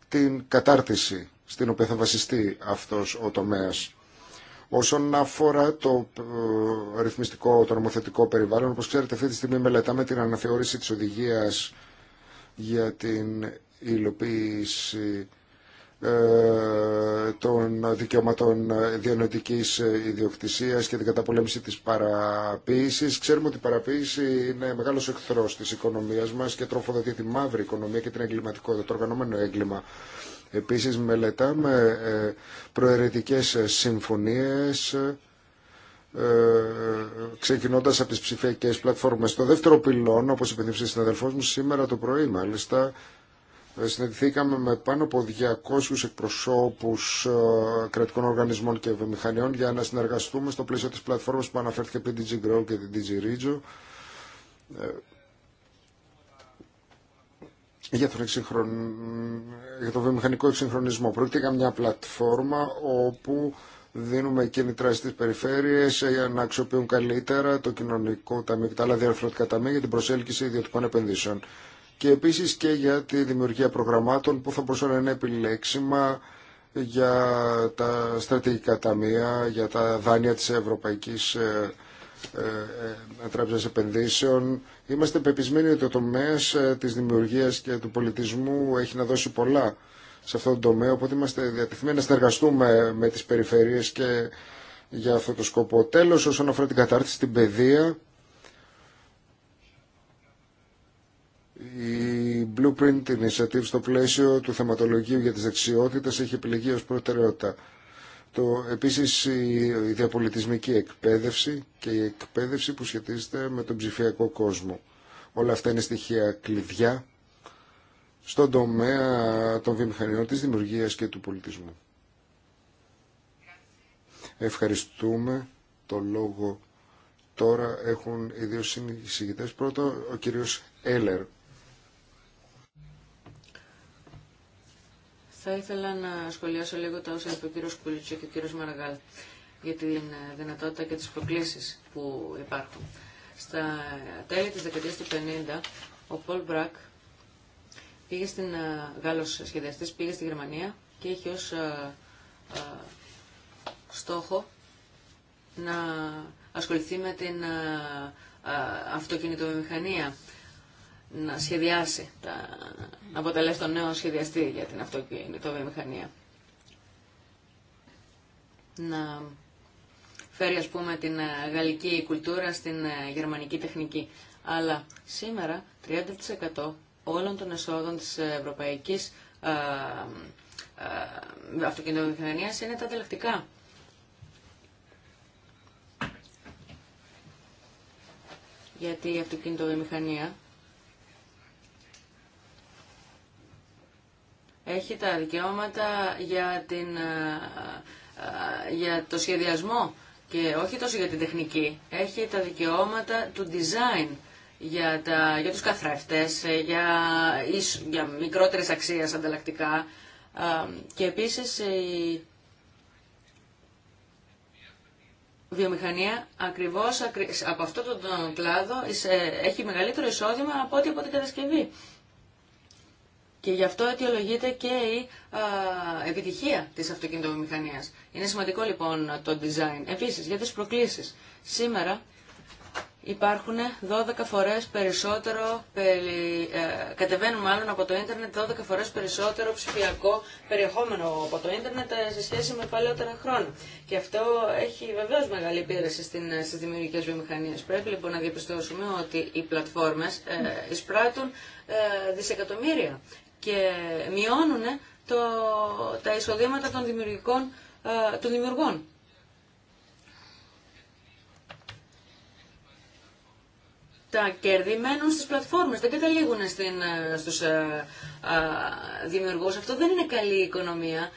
την κατάρτιση στην οποία θα βασιστεί αυτός ο τομέας. Όσον αφορά το ε, ρυθμιστικό, το νομοθετικό περιβάλλον, όπως ξέρετε αυτή τη στιγμή μελετάμε την αναθεώρηση της οδηγίας για την υλοποίηση ε, των δικαιωμάτων διανοητικής ιδιοκτησίας και την καταπολέμηση της παραποίησης. Ξέρουμε ότι η παραποίηση είναι μεγάλος εχθρός της οικονομίας μας και τροφοδοτεί τη μαύρη οικονομία και την εγκληματικότητα, το οργανωμένο έγκλημα. Επίσης μελετάμε ε, προαιρετικές συμφωνίες ε, ξεκινώντα από τι ψηφιακέ πλατφόρμες. Το δεύτερο πυλόν, όπω υπενθυμίσε ο συναδελφό μου σήμερα το πρωί, μάλιστα, ε, συναντηθήκαμε με πάνω από 200 εκπροσώπους ε, κρατικών οργανισμών και βιομηχανιών για να συνεργαστούμε στο πλαίσιο τη πλατφόρμα που αναφέρθηκε πριν την Grow και την DG για τον, εξυγχρον... για τον βιομηχανικό εξυγχρονισμό. Πρόκειται για μια πλατφόρμα όπου Δίνουμε κίνητρα στις περιφέρειες για να αξιοποιούν καλύτερα το κοινωνικό ταμείο και τα άλλα διαρθρωτικά ταμεία για την προσέλκυση ιδιωτικών επενδύσεων. Και επίσης και για τη δημιουργία προγραμμάτων που θα μπορούσαν να είναι επιλέξιμα για τα στρατηγικά ταμεία, για τα δάνεια της Ευρωπαϊκής ε, ε, ε, Τράπεζας Επενδύσεων. Είμαστε πεπισμένοι ότι ο τομέας της δημιουργίας και του πολιτισμού έχει να δώσει πολλά σε αυτόν τον τομέα, οπότε είμαστε διατεθειμένοι να συνεργαστούμε με τις περιφερειές και για αυτό το σκοπό. Τέλος, όσον αφορά την κατάρτιση στην παιδεία, η Blueprint Initiative στο πλαίσιο του θεματολογίου για τις δεξιότητε έχει επιλεγεί ως προτεραιότητα. Το, επίσης η διαπολιτισμική εκπαίδευση και η εκπαίδευση που σχετίζεται με τον ψηφιακό κόσμο. Όλα αυτά είναι στοιχεία κλειδιά στον τομέα των βιομηχανιών της δημιουργίας και του πολιτισμού. Ευχαριστούμε το λόγο. Τώρα έχουν οι δύο συνεισηγητές. Πρώτο ο κύριος Έλερ. Θα ήθελα να σχολιάσω λίγο τα όσα είπε ο κύριος Κούλιτσο και ο κύριος Μαραγάλ, για την δυνατότητα και τις προκλήσεις που υπάρχουν. Στα τέλη της δεκαετίας του 50, ο Πολ Μπρακ πήγε στην ε, Γάλλος σχεδιαστής, πήγε στη Γερμανία και είχε ως ε, ε, στόχο να ασχοληθεί με την αυτοκινητοβιομηχανία να σχεδιάσει, τα, να αποτελέσει τον νέο σχεδιαστή για την αυτοκινητοβιομηχανία. Να φέρει ας πούμε την γαλλική κουλτούρα στην γερμανική τεχνική. Αλλά σήμερα 30% όλων των εσόδων της ευρωπαϊκής αυτοκινητοβιομηχανίας είναι τα ανταλλακτικά. Γιατί η αυτοκινητοβιομηχανία έχει τα δικαιώματα για, την, για το σχεδιασμό και όχι τόσο για την τεχνική. Έχει τα δικαιώματα του design για, τα, για τους καθρέφτες, ε, για, για μικρότερες αξίες ανταλλακτικά και επίσης ε, η βιομηχανία ακριβώς από αυτό τον κλάδο ε, έχει μεγαλύτερο εισόδημα από ό,τι από την κατασκευή. Και γι' αυτό αιτιολογείται και η επιτυχία της αυτοκινητοβιομηχανίας. Είναι σημαντικό λοιπόν το design. Επίσης για τις προκλήσεις. Σήμερα υπάρχουν 12 φορές περισσότερο, ε, κατεβαίνουν μάλλον από το ίντερνετ 12 φορές περισσότερο ψηφιακό περιεχόμενο από το ίντερνετ ε, σε σχέση με παλαιότερα χρόνια. Και αυτό έχει βεβαίως μεγάλη επίδραση ε, στις δημιουργικές βιομηχανίες. Πρέπει λοιπόν να διαπιστώσουμε ότι οι πλατφόρμες εισπράττουν δισεκατομμύρια και μειώνουν το, τα εισοδήματα των, δημιουργικών, των δημιουργών. τα κέρδη μένουν στις πλατφόρμες, δεν καταλήγουν στην, ε, στους α, ε, ε, δημιουργούς. Αυτό δεν είναι καλή οικονομία. Α,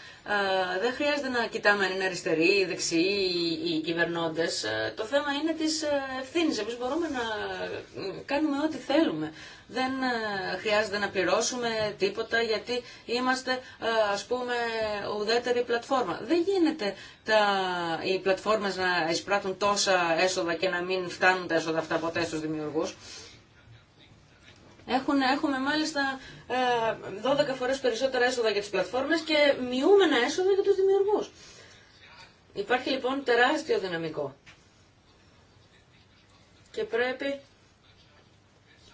δεν χρειάζεται να κοιτάμε αν είναι αριστεροί δεξιοί οι, οι κυβερνώντες. το θέμα είναι της ευθύνης Εμείς μπορούμε να κάνουμε ό,τι θέλουμε δεν ε, χρειάζεται να πληρώσουμε τίποτα γιατί είμαστε ε, ας πούμε ουδέτερη πλατφόρμα. Δεν γίνεται τα, οι πλατφόρμες να εισπράττουν τόσα έσοδα και να μην φτάνουν τα έσοδα αυτά ποτέ στους δημιουργούς. Έχουν, έχουμε μάλιστα 12 ε, φορές περισσότερα έσοδα για τις πλατφόρμες και μειούμενα έσοδα για τους δημιουργούς. Υπάρχει λοιπόν τεράστιο δυναμικό. Και πρέπει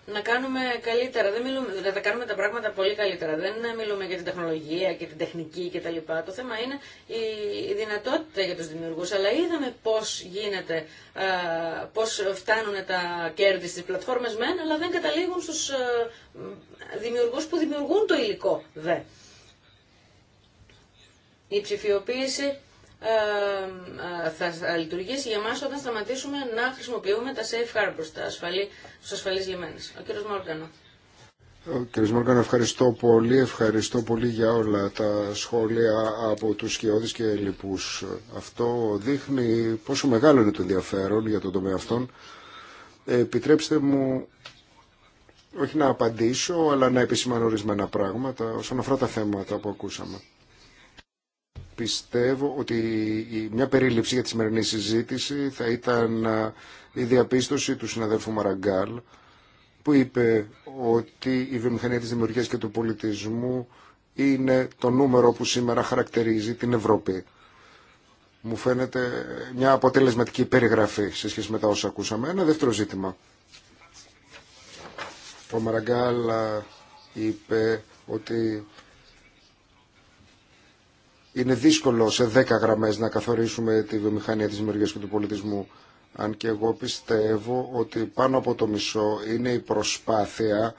να κάνουμε καλύτερα. Δεν μιλούμε, δηλαδή, να τα κάνουμε τα πράγματα πολύ καλύτερα. Δεν μιλούμε για την τεχνολογία και την τεχνική κτλ. Το θέμα είναι η δυνατότητα για τους δημιουργούς. Αλλά είδαμε πώς γίνεται, πώς φτάνουν τα κέρδη στις πλατφόρμες μεν, αλλά δεν καταλήγουν στους δημιουργούς που δημιουργούν το υλικό δε. Η ψηφιοποίηση ε, ε, θα λειτουργήσει για μας όταν σταματήσουμε να χρησιμοποιούμε τα safe harbors, τα ασφαλή, τους ασφαλείς λιμένες. Ο κύριος Μόργανο. Ο κύριος Μόργανο, ευχαριστώ πολύ. Ευχαριστώ πολύ για όλα τα σχόλια από τους σκιώδεις και λοιπούς. Αυτό δείχνει πόσο μεγάλο είναι το ενδιαφέρον για τον τομέα αυτόν. Επιτρέψτε μου όχι να απαντήσω, αλλά να επισημάνω ορισμένα πράγματα όσον αφορά τα θέματα που ακούσαμε. Πιστεύω ότι μια περίληψη για τη σημερινή συζήτηση θα ήταν η διαπίστωση του συναδέλφου Μαραγκάλ που είπε ότι η βιομηχανία της δημιουργίας και του πολιτισμού είναι το νούμερο που σήμερα χαρακτηρίζει την Ευρώπη. Μου φαίνεται μια αποτελεσματική περιγραφή σε σχέση με τα όσα ακούσαμε. Ένα δεύτερο ζήτημα. Ο Μαραγκάλ είπε ότι είναι δύσκολο σε 10 γραμμέ να καθορίσουμε τη βιομηχανία τη δημιουργία και του πολιτισμού. Αν και εγώ πιστεύω ότι πάνω από το μισό είναι η προσπάθεια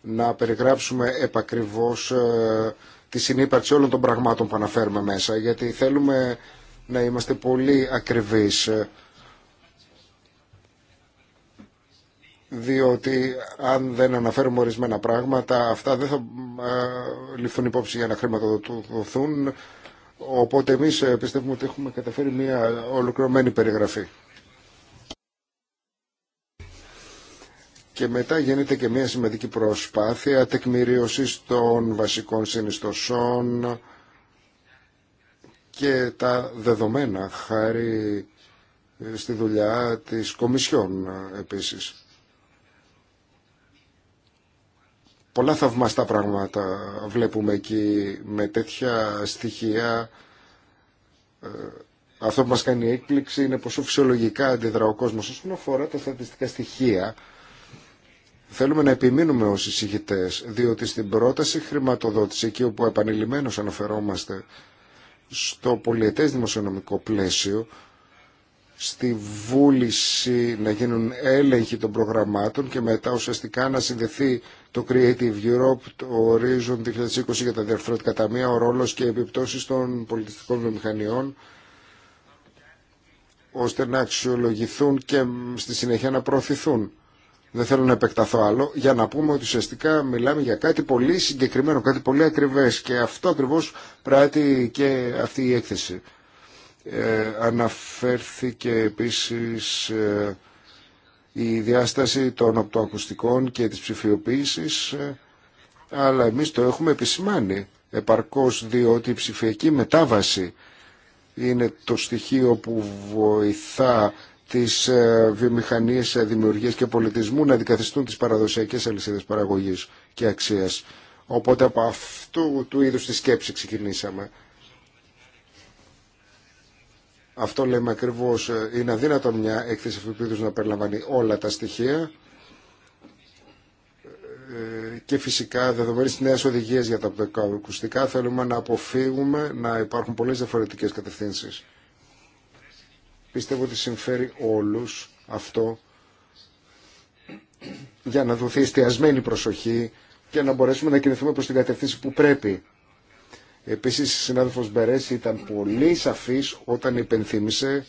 να περιγράψουμε επακριβώς ε, τη συνύπαρξη όλων των πραγμάτων που αναφέρουμε μέσα. Γιατί θέλουμε να είμαστε πολύ ακριβείς διότι αν δεν αναφέρουμε ορισμένα πράγματα αυτά δεν θα ε, ληφθούν υπόψη για να χρηματοδοθούν οπότε εμείς ε, πιστεύουμε ότι έχουμε καταφέρει μια ολοκληρωμένη περιγραφή. Και μετά γίνεται και μια σημαντική προσπάθεια τεκμηρίωσης των βασικών συνιστοσών και τα δεδομένα χάρη στη δουλειά της Κομισιόν ε, επίσης. Πολλά θαυμαστά πράγματα βλέπουμε εκεί με τέτοια στοιχεία. Ε, αυτό που μας κάνει έκπληξη είναι πόσο φυσιολογικά αντιδρά ο κόσμος. Όσον αφορά τα στατιστικά στοιχεία, θέλουμε να επιμείνουμε ως εισηγητές, διότι στην πρόταση χρηματοδότηση, εκεί όπου επανειλημμένως αναφερόμαστε στο πολιετές δημοσιονομικό πλαίσιο, στη βούληση να γίνουν έλεγχοι των προγραμμάτων και μετά ουσιαστικά να συνδεθεί το Creative Europe, το Horizon 2020 για τα διαρθρωτικά ταμεία, ο ρόλος και οι επιπτώσεις των πολιτιστικών βιομηχανιών ώστε να αξιολογηθούν και στη συνέχεια να προωθηθούν. Δεν θέλω να επεκταθώ άλλο, για να πούμε ότι ουσιαστικά μιλάμε για κάτι πολύ συγκεκριμένο, κάτι πολύ ακριβές και αυτό ακριβώς πράττει και αυτή η έκθεση. Ε, αναφέρθηκε επίσης ε, η διάσταση των οπτοακουστικών και της ψηφιοποίησης, ε, αλλά εμείς το έχουμε επισημάνει επαρκώς διότι η ψηφιακή μετάβαση είναι το στοιχείο που βοηθά τις βιομηχανίες δημιουργίας και πολιτισμού να αντικαθιστούν τις παραδοσιακές αλυσίδες παραγωγής και αξίας. Οπότε από αυτού του είδους τη σκέψη ξεκινήσαμε. Αυτό λέμε ακριβώ ε, είναι αδύνατο μια έκθεση αυτού να περιλαμβάνει όλα τα στοιχεία ε, και φυσικά δεδομένης νέε νέες οδηγίες για τα ακουστικά θέλουμε να αποφύγουμε να υπάρχουν πολλές διαφορετικές κατευθύνσεις. Πιστεύω ότι συμφέρει όλους αυτό για να δοθεί εστιασμένη προσοχή και να μπορέσουμε να κινηθούμε προς την κατευθύνση που πρέπει Επίσης, η συνάδελφος Μπερέση ήταν πολύ σαφής όταν υπενθύμησε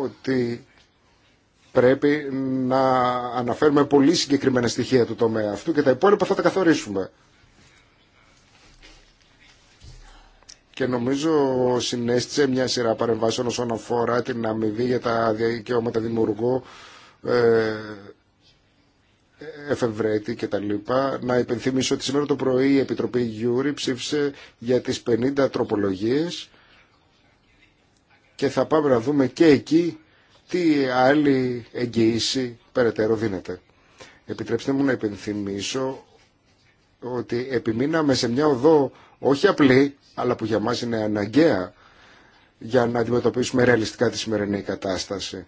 ότι πρέπει να αναφέρουμε πολύ συγκεκριμένα στοιχεία του τομέα αυτού και τα υπόλοιπα θα τα καθορίσουμε. Και νομίζω συνέστησε μια σειρά παρεμβάσεων όσον αφορά την αμοιβή για τα δικαιώματα δημιουργού ε, εφευρέτη και τα λοιπά. Να υπενθυμίσω ότι σήμερα το πρωί η Επιτροπή Γιούρη ψήφισε για τις 50 τροπολογίες και θα πάμε να δούμε και εκεί τι άλλη εγγυήση περαιτέρω δίνεται. Επιτρέψτε μου να υπενθυμίσω ότι επιμείναμε σε μια οδό όχι απλή, αλλά που για μας είναι αναγκαία για να αντιμετωπίσουμε ρεαλιστικά τη σημερινή κατάσταση.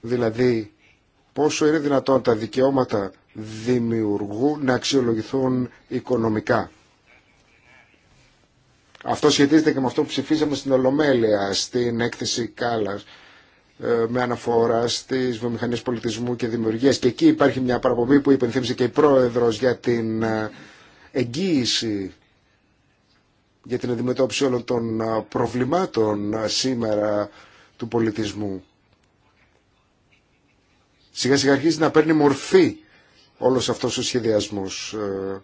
Δηλαδή πόσο είναι δυνατόν τα δικαιώματα δημιουργού να αξιολογηθούν οικονομικά. Αυτό σχετίζεται και με αυτό που ψηφίσαμε στην Ολομέλεια, στην έκθεση Κάλλας, ε, με αναφορά στις βιομηχανίες πολιτισμού και δημιουργίας. Και εκεί υπάρχει μια παραπομπή που υπενθύμησε και η Πρόεδρος για την ε, εγγύηση για την αντιμετώπιση όλων των ε, προβλημάτων σήμερα του πολιτισμού σιγά σιγά αρχίζει να παίρνει μορφή όλος αυτός ο σχεδιασμός. Ε,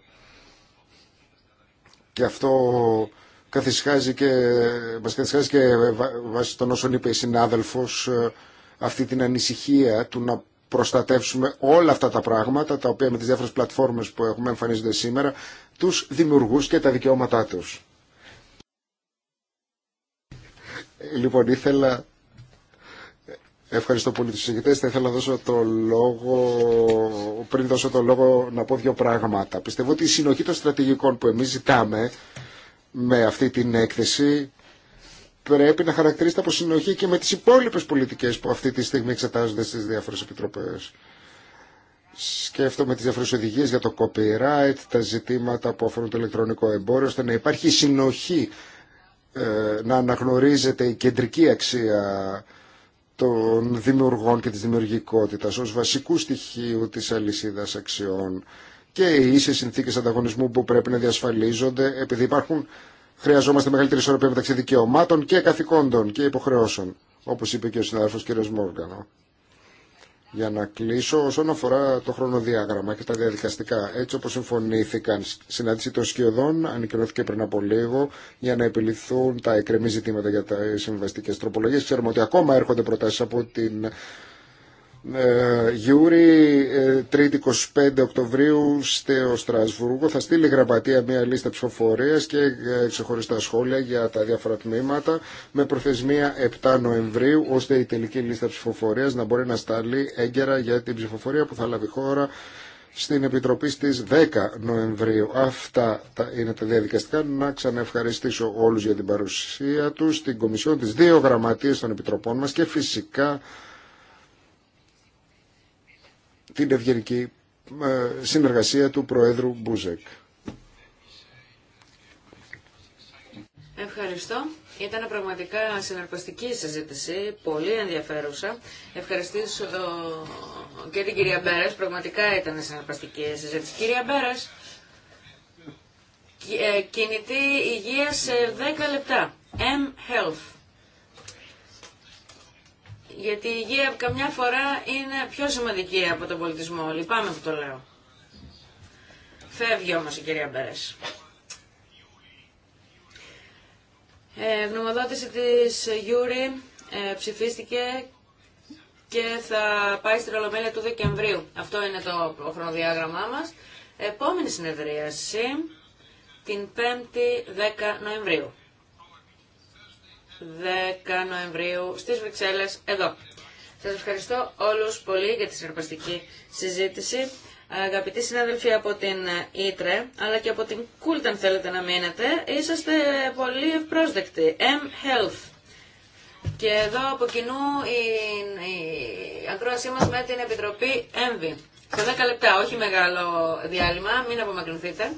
και αυτό καθισχάζει και, μας καθισχάζει και ε, βάσει των όσων είπε η συνάδελφος ε, αυτή την ανησυχία του να προστατεύσουμε όλα αυτά τα πράγματα τα οποία με τις διάφορες πλατφόρμες που έχουμε εμφανίζονται σήμερα τους δημιουργούς και τα δικαιώματά τους. Λοιπόν, ήθελα Ευχαριστώ πολύ τους συγκεκριτέ, Θα ήθελα να δώσω το λόγο, πριν δώσω το λόγο να πω δύο πράγματα. Πιστεύω ότι η συνοχή των στρατηγικών που εμείς ζητάμε με αυτή την έκθεση πρέπει να χαρακτηρίζεται από συνοχή και με τις υπόλοιπες πολιτικές που αυτή τη στιγμή εξετάζονται στις διάφορες επιτροπές. Σκέφτομαι τις διάφορες οδηγίες για το copyright, τα ζητήματα που αφορούν το ηλεκτρονικό εμπόριο, ώστε να υπάρχει συνοχή, ε, να αναγνωρίζεται η κεντρική αξία των δημιουργών και της δημιουργικότητας ως βασικού στοιχείου της αλυσίδας αξιών και οι ίσες συνθήκες ανταγωνισμού που πρέπει να διασφαλίζονται επειδή υπάρχουν χρειαζόμαστε μεγαλύτερη ισορροπία μεταξύ δικαιωμάτων και καθηκόντων και υποχρεώσεων όπως είπε και ο συνάδελφος κ. Μόργανο. Για να κλείσω όσον αφορά το χρονοδιάγραμμα και τα διαδικαστικά. Έτσι όπως συμφωνήθηκαν, συνάντηση των σκιωδών ανακοινώθηκε πριν από λίγο για να επιληθούν τα εκκρεμή ζητήματα για τα συμβαστικέ τροπολογίε. Ξέρουμε ότι ακόμα έρχονται προτάσει από την ε, Γιούρι, 25 ε, Οκτωβρίου στο Στρασβούργο θα στείλει γραμματεία μια λίστα ψηφοφορία και ε, ξεχωριστά σχόλια για τα διάφορα τμήματα με προθεσμία 7 Νοεμβρίου ώστε η τελική λίστα ψηφοφορία να μπορεί να σταλεί έγκαιρα για την ψηφοφορία που θα λάβει χώρα στην Επιτροπή στις 10 Νοεμβρίου. Αυτά τα είναι τα διαδικαστικά. Να ξαναευχαριστήσω όλους για την παρουσία τους, στην Κομισιόν, τις δύο γραμματείες των Επιτροπών μας και φυσικά την ευγενική ε, συνεργασία του Προέδρου Μπούζεκ. Ευχαριστώ. Ήταν πραγματικά συναρπαστική συζήτηση, πολύ ενδιαφέρουσα. Ευχαριστήσω ε, και την κυρία Μπέρες, πραγματικά ήταν συναρπαστική συζήτηση. Κυρία Μπέρες, ε, κινητή υγεία σε 10 λεπτά. M-Health γιατί η υγεία καμιά φορά είναι πιο σημαντική από τον πολιτισμό. Λυπάμαι που το λέω. Φεύγει όμως η κυρία Μπέρες. Ε, γνωμοδότηση της Γιούρη ε, ψηφίστηκε και θα πάει στην Ολομέλεια του Δεκεμβρίου. Αυτό είναι το χρονοδιάγραμμά μας. Επόμενη συνεδρίαση την 5η 10 Νοεμβρίου. 10 Νοεμβρίου στις Βρυξέλλες εδώ. Σας ευχαριστώ όλους πολύ για τη συνεργαστική συζήτηση. Αγαπητοί συνάδελφοι από την Ήτρε, αλλά και από την Κούλταν θέλετε να μείνετε, είσαστε πολύ ευπρόσδεκτοι. M-Health. Και εδώ από κοινού η, η ακρόασή μας με την Επιτροπή ΕΜΒΗ. Σε 10 λεπτά, όχι μεγάλο διάλειμμα, μην απομακρυνθείτε.